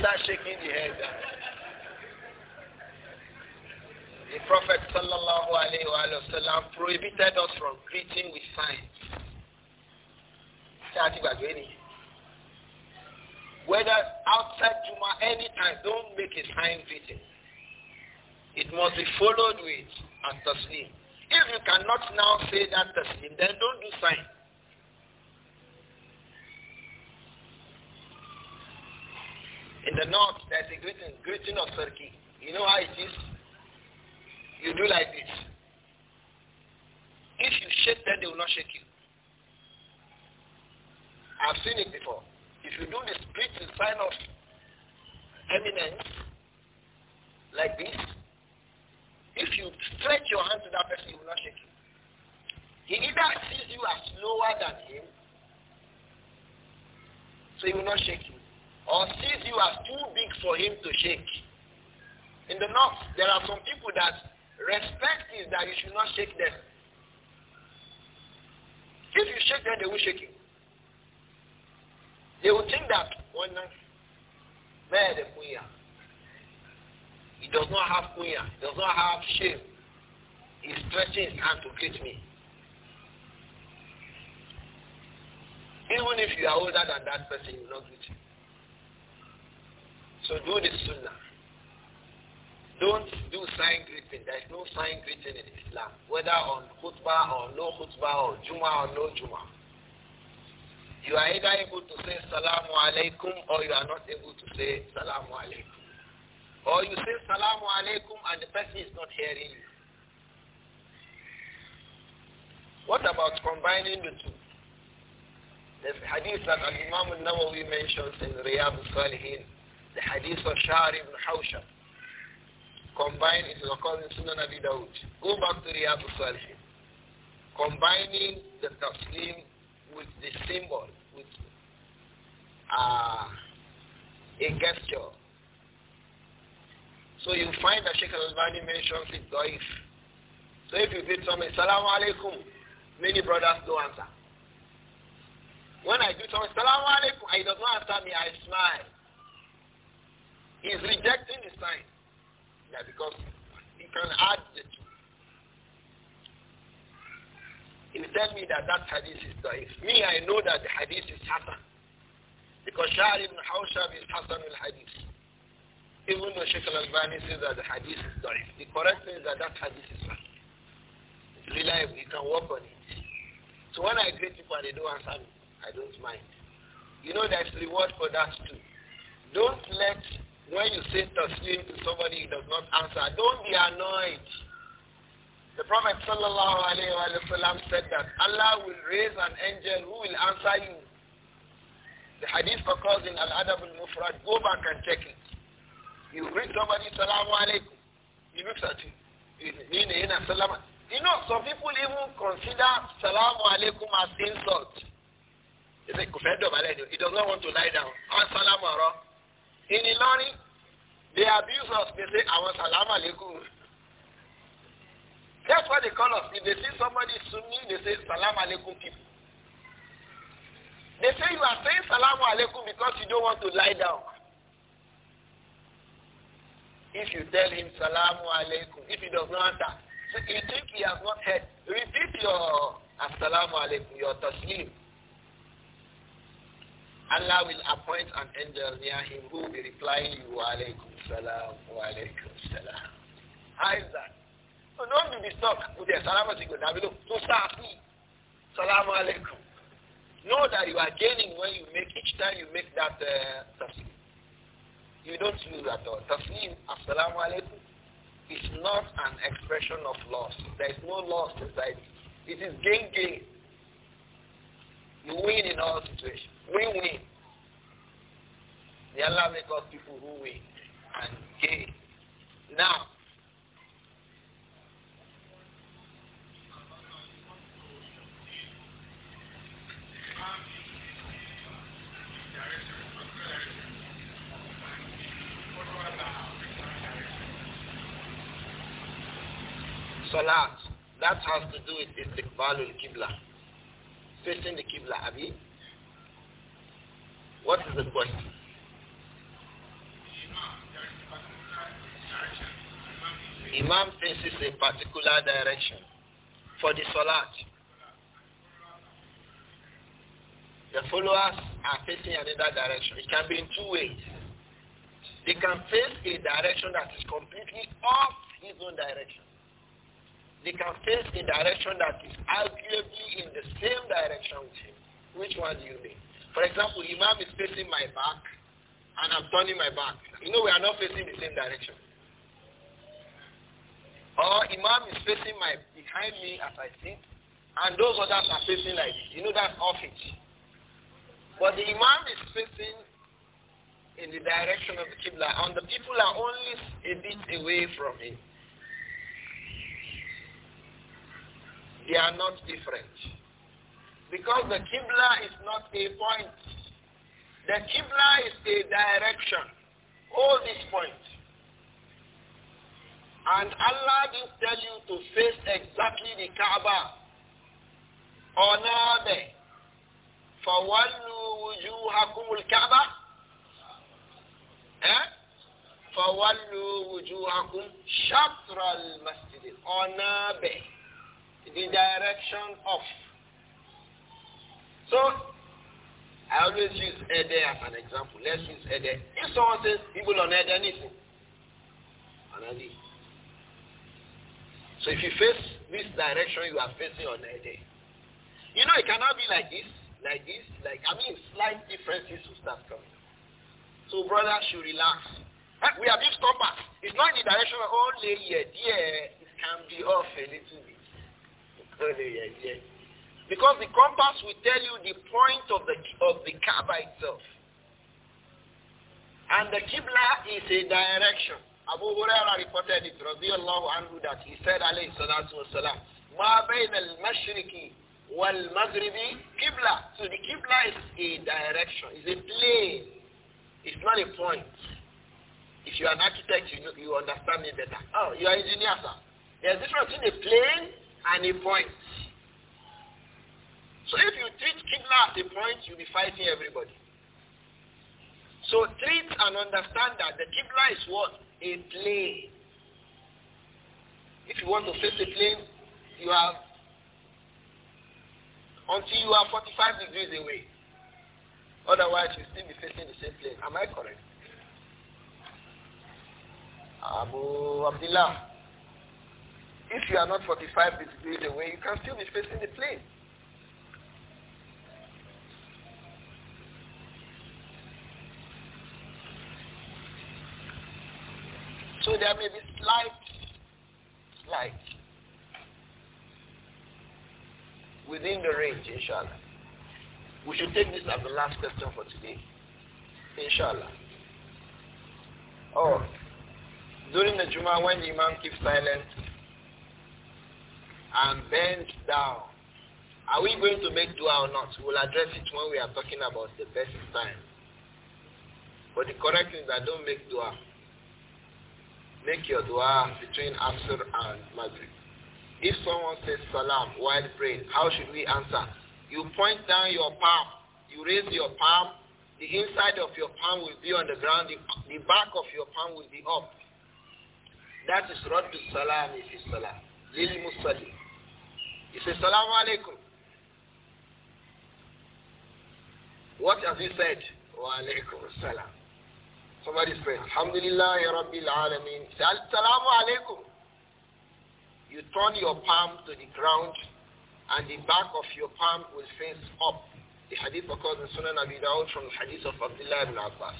Start shaking the head. The Prophet sallallahu alaihi wasallam prohibited us from greeting with signs whether outside Juma, anytime, don't make a time visit. It must be followed with a taslim. If you cannot now say that taslim, then don't do sign. In the north, there's a greeting, greeting of Turkey. You know how it is? You do like this. If you shake them, they will not shake you. I've seen it before. If you do the speech in sign of eminence, like this, if you stretch your hand to that person, he will not shake you. He either sees you as lower than him, so he will not shake you, or sees you as too big for him to shake. In the north, there are some people that respect is that you should not shake them. If you shake them, they will shake you they will think that wannan baya da kunya he does not have kunya he does not have shame he's stretching his hand to greet me even if you are older than that person you will not greet him so do this sunnah don't do sign greeting. There is no sign greeting in Islam, whether on khutbah or no khutbah or Juma or no Juma. You are either able to say salamu alaikum or you are not able to say salamu alaikum. Or you say salamu alaikum and the person is not hearing you. What about combining the two? There's a hadith that Imam al-Nawawi mentions in Riyadh al-Salihin, the hadith of Shahr ibn Hawshab. Combine it is occurring in Sunan Abi Dawud. Go back to Riyadh al-Salihin. Combining the Taslim with the symbol, with uh, a gesture. So you find that Sheikh Al-Albani mentions it twice. So if you greet someone, Salaam alaikum, many brothers don't answer. When I greet someone, Salaam alaikum, he does not answer me, I smile. He's rejecting the sign. Yeah, because he can add the two. he tell me that that hadith is da'if. Me, I know that the hadith is hasan. Because Shahr ibn Hawshab is hasan al-hadith. Even though Sheikh al-Albani says that the hadith is da'if, the correct thing is that that hadith is sahih. It's reliable. You can work on it. So when I greet people and they don't answer me, I don't mind. You know there's reward for that too. Don't let, when you say taslim to somebody who does not answer, don't be annoyed. The Prophet sallallahu said that Allah will raise an angel who will answer you. The hadith occurs in Al-Adab al-Mufrad. Go back and check it. You greet somebody, salamu alaikum. He looks at you. You know, some people even consider salamu alaikum as insult. They say, he does not want to lie down. Assalamu ah, alaikum. In Ilani, they abuse us. They say, I want salamu alaikum. That's why they call us. If they see somebody Sunni, they say Salam Alaikum people. They say you are saying Salam Alaikum because you don't want to lie down. If you tell him Salam Alaikum, if he does not answer, so you think he has not heard, repeat your Assalamu Alaikum, your Taslim. Allah will appoint an angel near him who will be replying you Alaikum Salam, Alaikum Salam. How is that? So don't be stuck with the salaam alaikum down below. So me. Salaam alaikum. Know that you are gaining when you make each time you make that uh, tafsir. You don't lose at all. Taslim, assalamu alaikum, is not an expression of loss. There is no loss inside it. It is gain gain. You win in all situations. Win win. The Allah make us people who win and gain. Now, salat, that has to do with istiqbalul qibla, facing the qibla, Abi. What is the question? Imam faces a particular direction for the salat. The followers are facing another direction. It can be in two ways. They can face a direction that is completely off his own direction they can face a direction that is arguably in the same direction with him. Which one do you mean? For example, Imam is facing my back and I'm turning my back. You know, we are not facing the same direction. Or Imam is facing my behind me as I sit and those others are facing like this. You know that's office. But the Imam is facing in the direction of the Qibla and the people are only a bit away from him. They are not different. Because the Qibla is not a point. The Qibla is a direction. All these points. And Allah didn't tell you to face exactly the Kaaba or Nabe. فَوَلُّوا وُجُوهَكُمُ الْكَعْبَةِ eh? فَوَلُّوا وُجُوهَكُمْ شَطْرَ الْمَسْجِدِ Or Nabe the direction of. So, I always use Ede as an example. Let's use Ede. If someone says people not need anything, anali. So if you face this direction you are facing on Ede, you know it cannot be like this, like this, like I mean slight differences will start coming. So brother should relax. We are big compass. It's not in the direction of only oh, yeah, eh, yeah. It can be off a little bit. Because the compass will tell you the point of the of the Kaaba itself. And the Qibla is a direction. Abu Huraira reported it, radiallahu anhu, that he said, alayhi salatu wasalam, ma bayn al-mashriqi wal-maghribi Qibla. So the Qibla is a direction, It's a plane. It's not a point. If you are an architect, you, know, you understand me better. Oh, you are an engineer, sir. There's difference between a plane and a point. So if you treat kidnap the point, you'll be fighting everybody. So treat and understand that the kibla is what? A plane. If you want to face a plane, you have until you are 45 degrees away. Otherwise, you'll still be facing the same plane. Am I correct? Abu Abdullah if you are not 45 degrees away, you can still be facing the plane. So there may be slight, slight, within the range, inshallah. We should take this as the last question for today, inshallah. Or oh, during the Jummah when the Imam keeps silent, and bend down. Are we going to make dua or not? We'll address it when we are talking about the best time. But the correct thing is that don't make dua. Make your dua between Asr and Maghrib. If someone says salam while praying, how should we answer? You point down your palm. You raise your palm. The inside of your palm will be on the ground. The, the back of your palm will be up. That is Raddu Salam if you salam. Lil Musalim. He says, Salaam alaikum. What has he said? Wa alaikum salam. Somebody said, Alhamdulillah, Rabbil Alameen. Salaam alaikum. You turn your palm to the ground and the back of your palm will face up. The hadith occurs in Sunan Abi Dawud from the hadith of Abdullah ibn Abbas.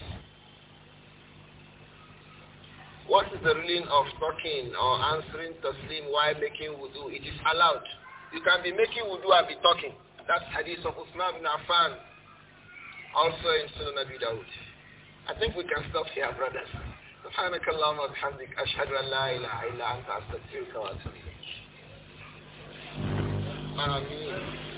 What is the ruling of talking or answering to taslim while making wudu? It is allowed. You can be making wudu and be talking. That's hadith of Usman bin Affan, also in Sunan Abi Dawud. I think we can stop here, brothers. سبحانك اللهم وبحمدك أشهد أن لا إله إلا أنت أستغفرك وأتوب إليك. آمين.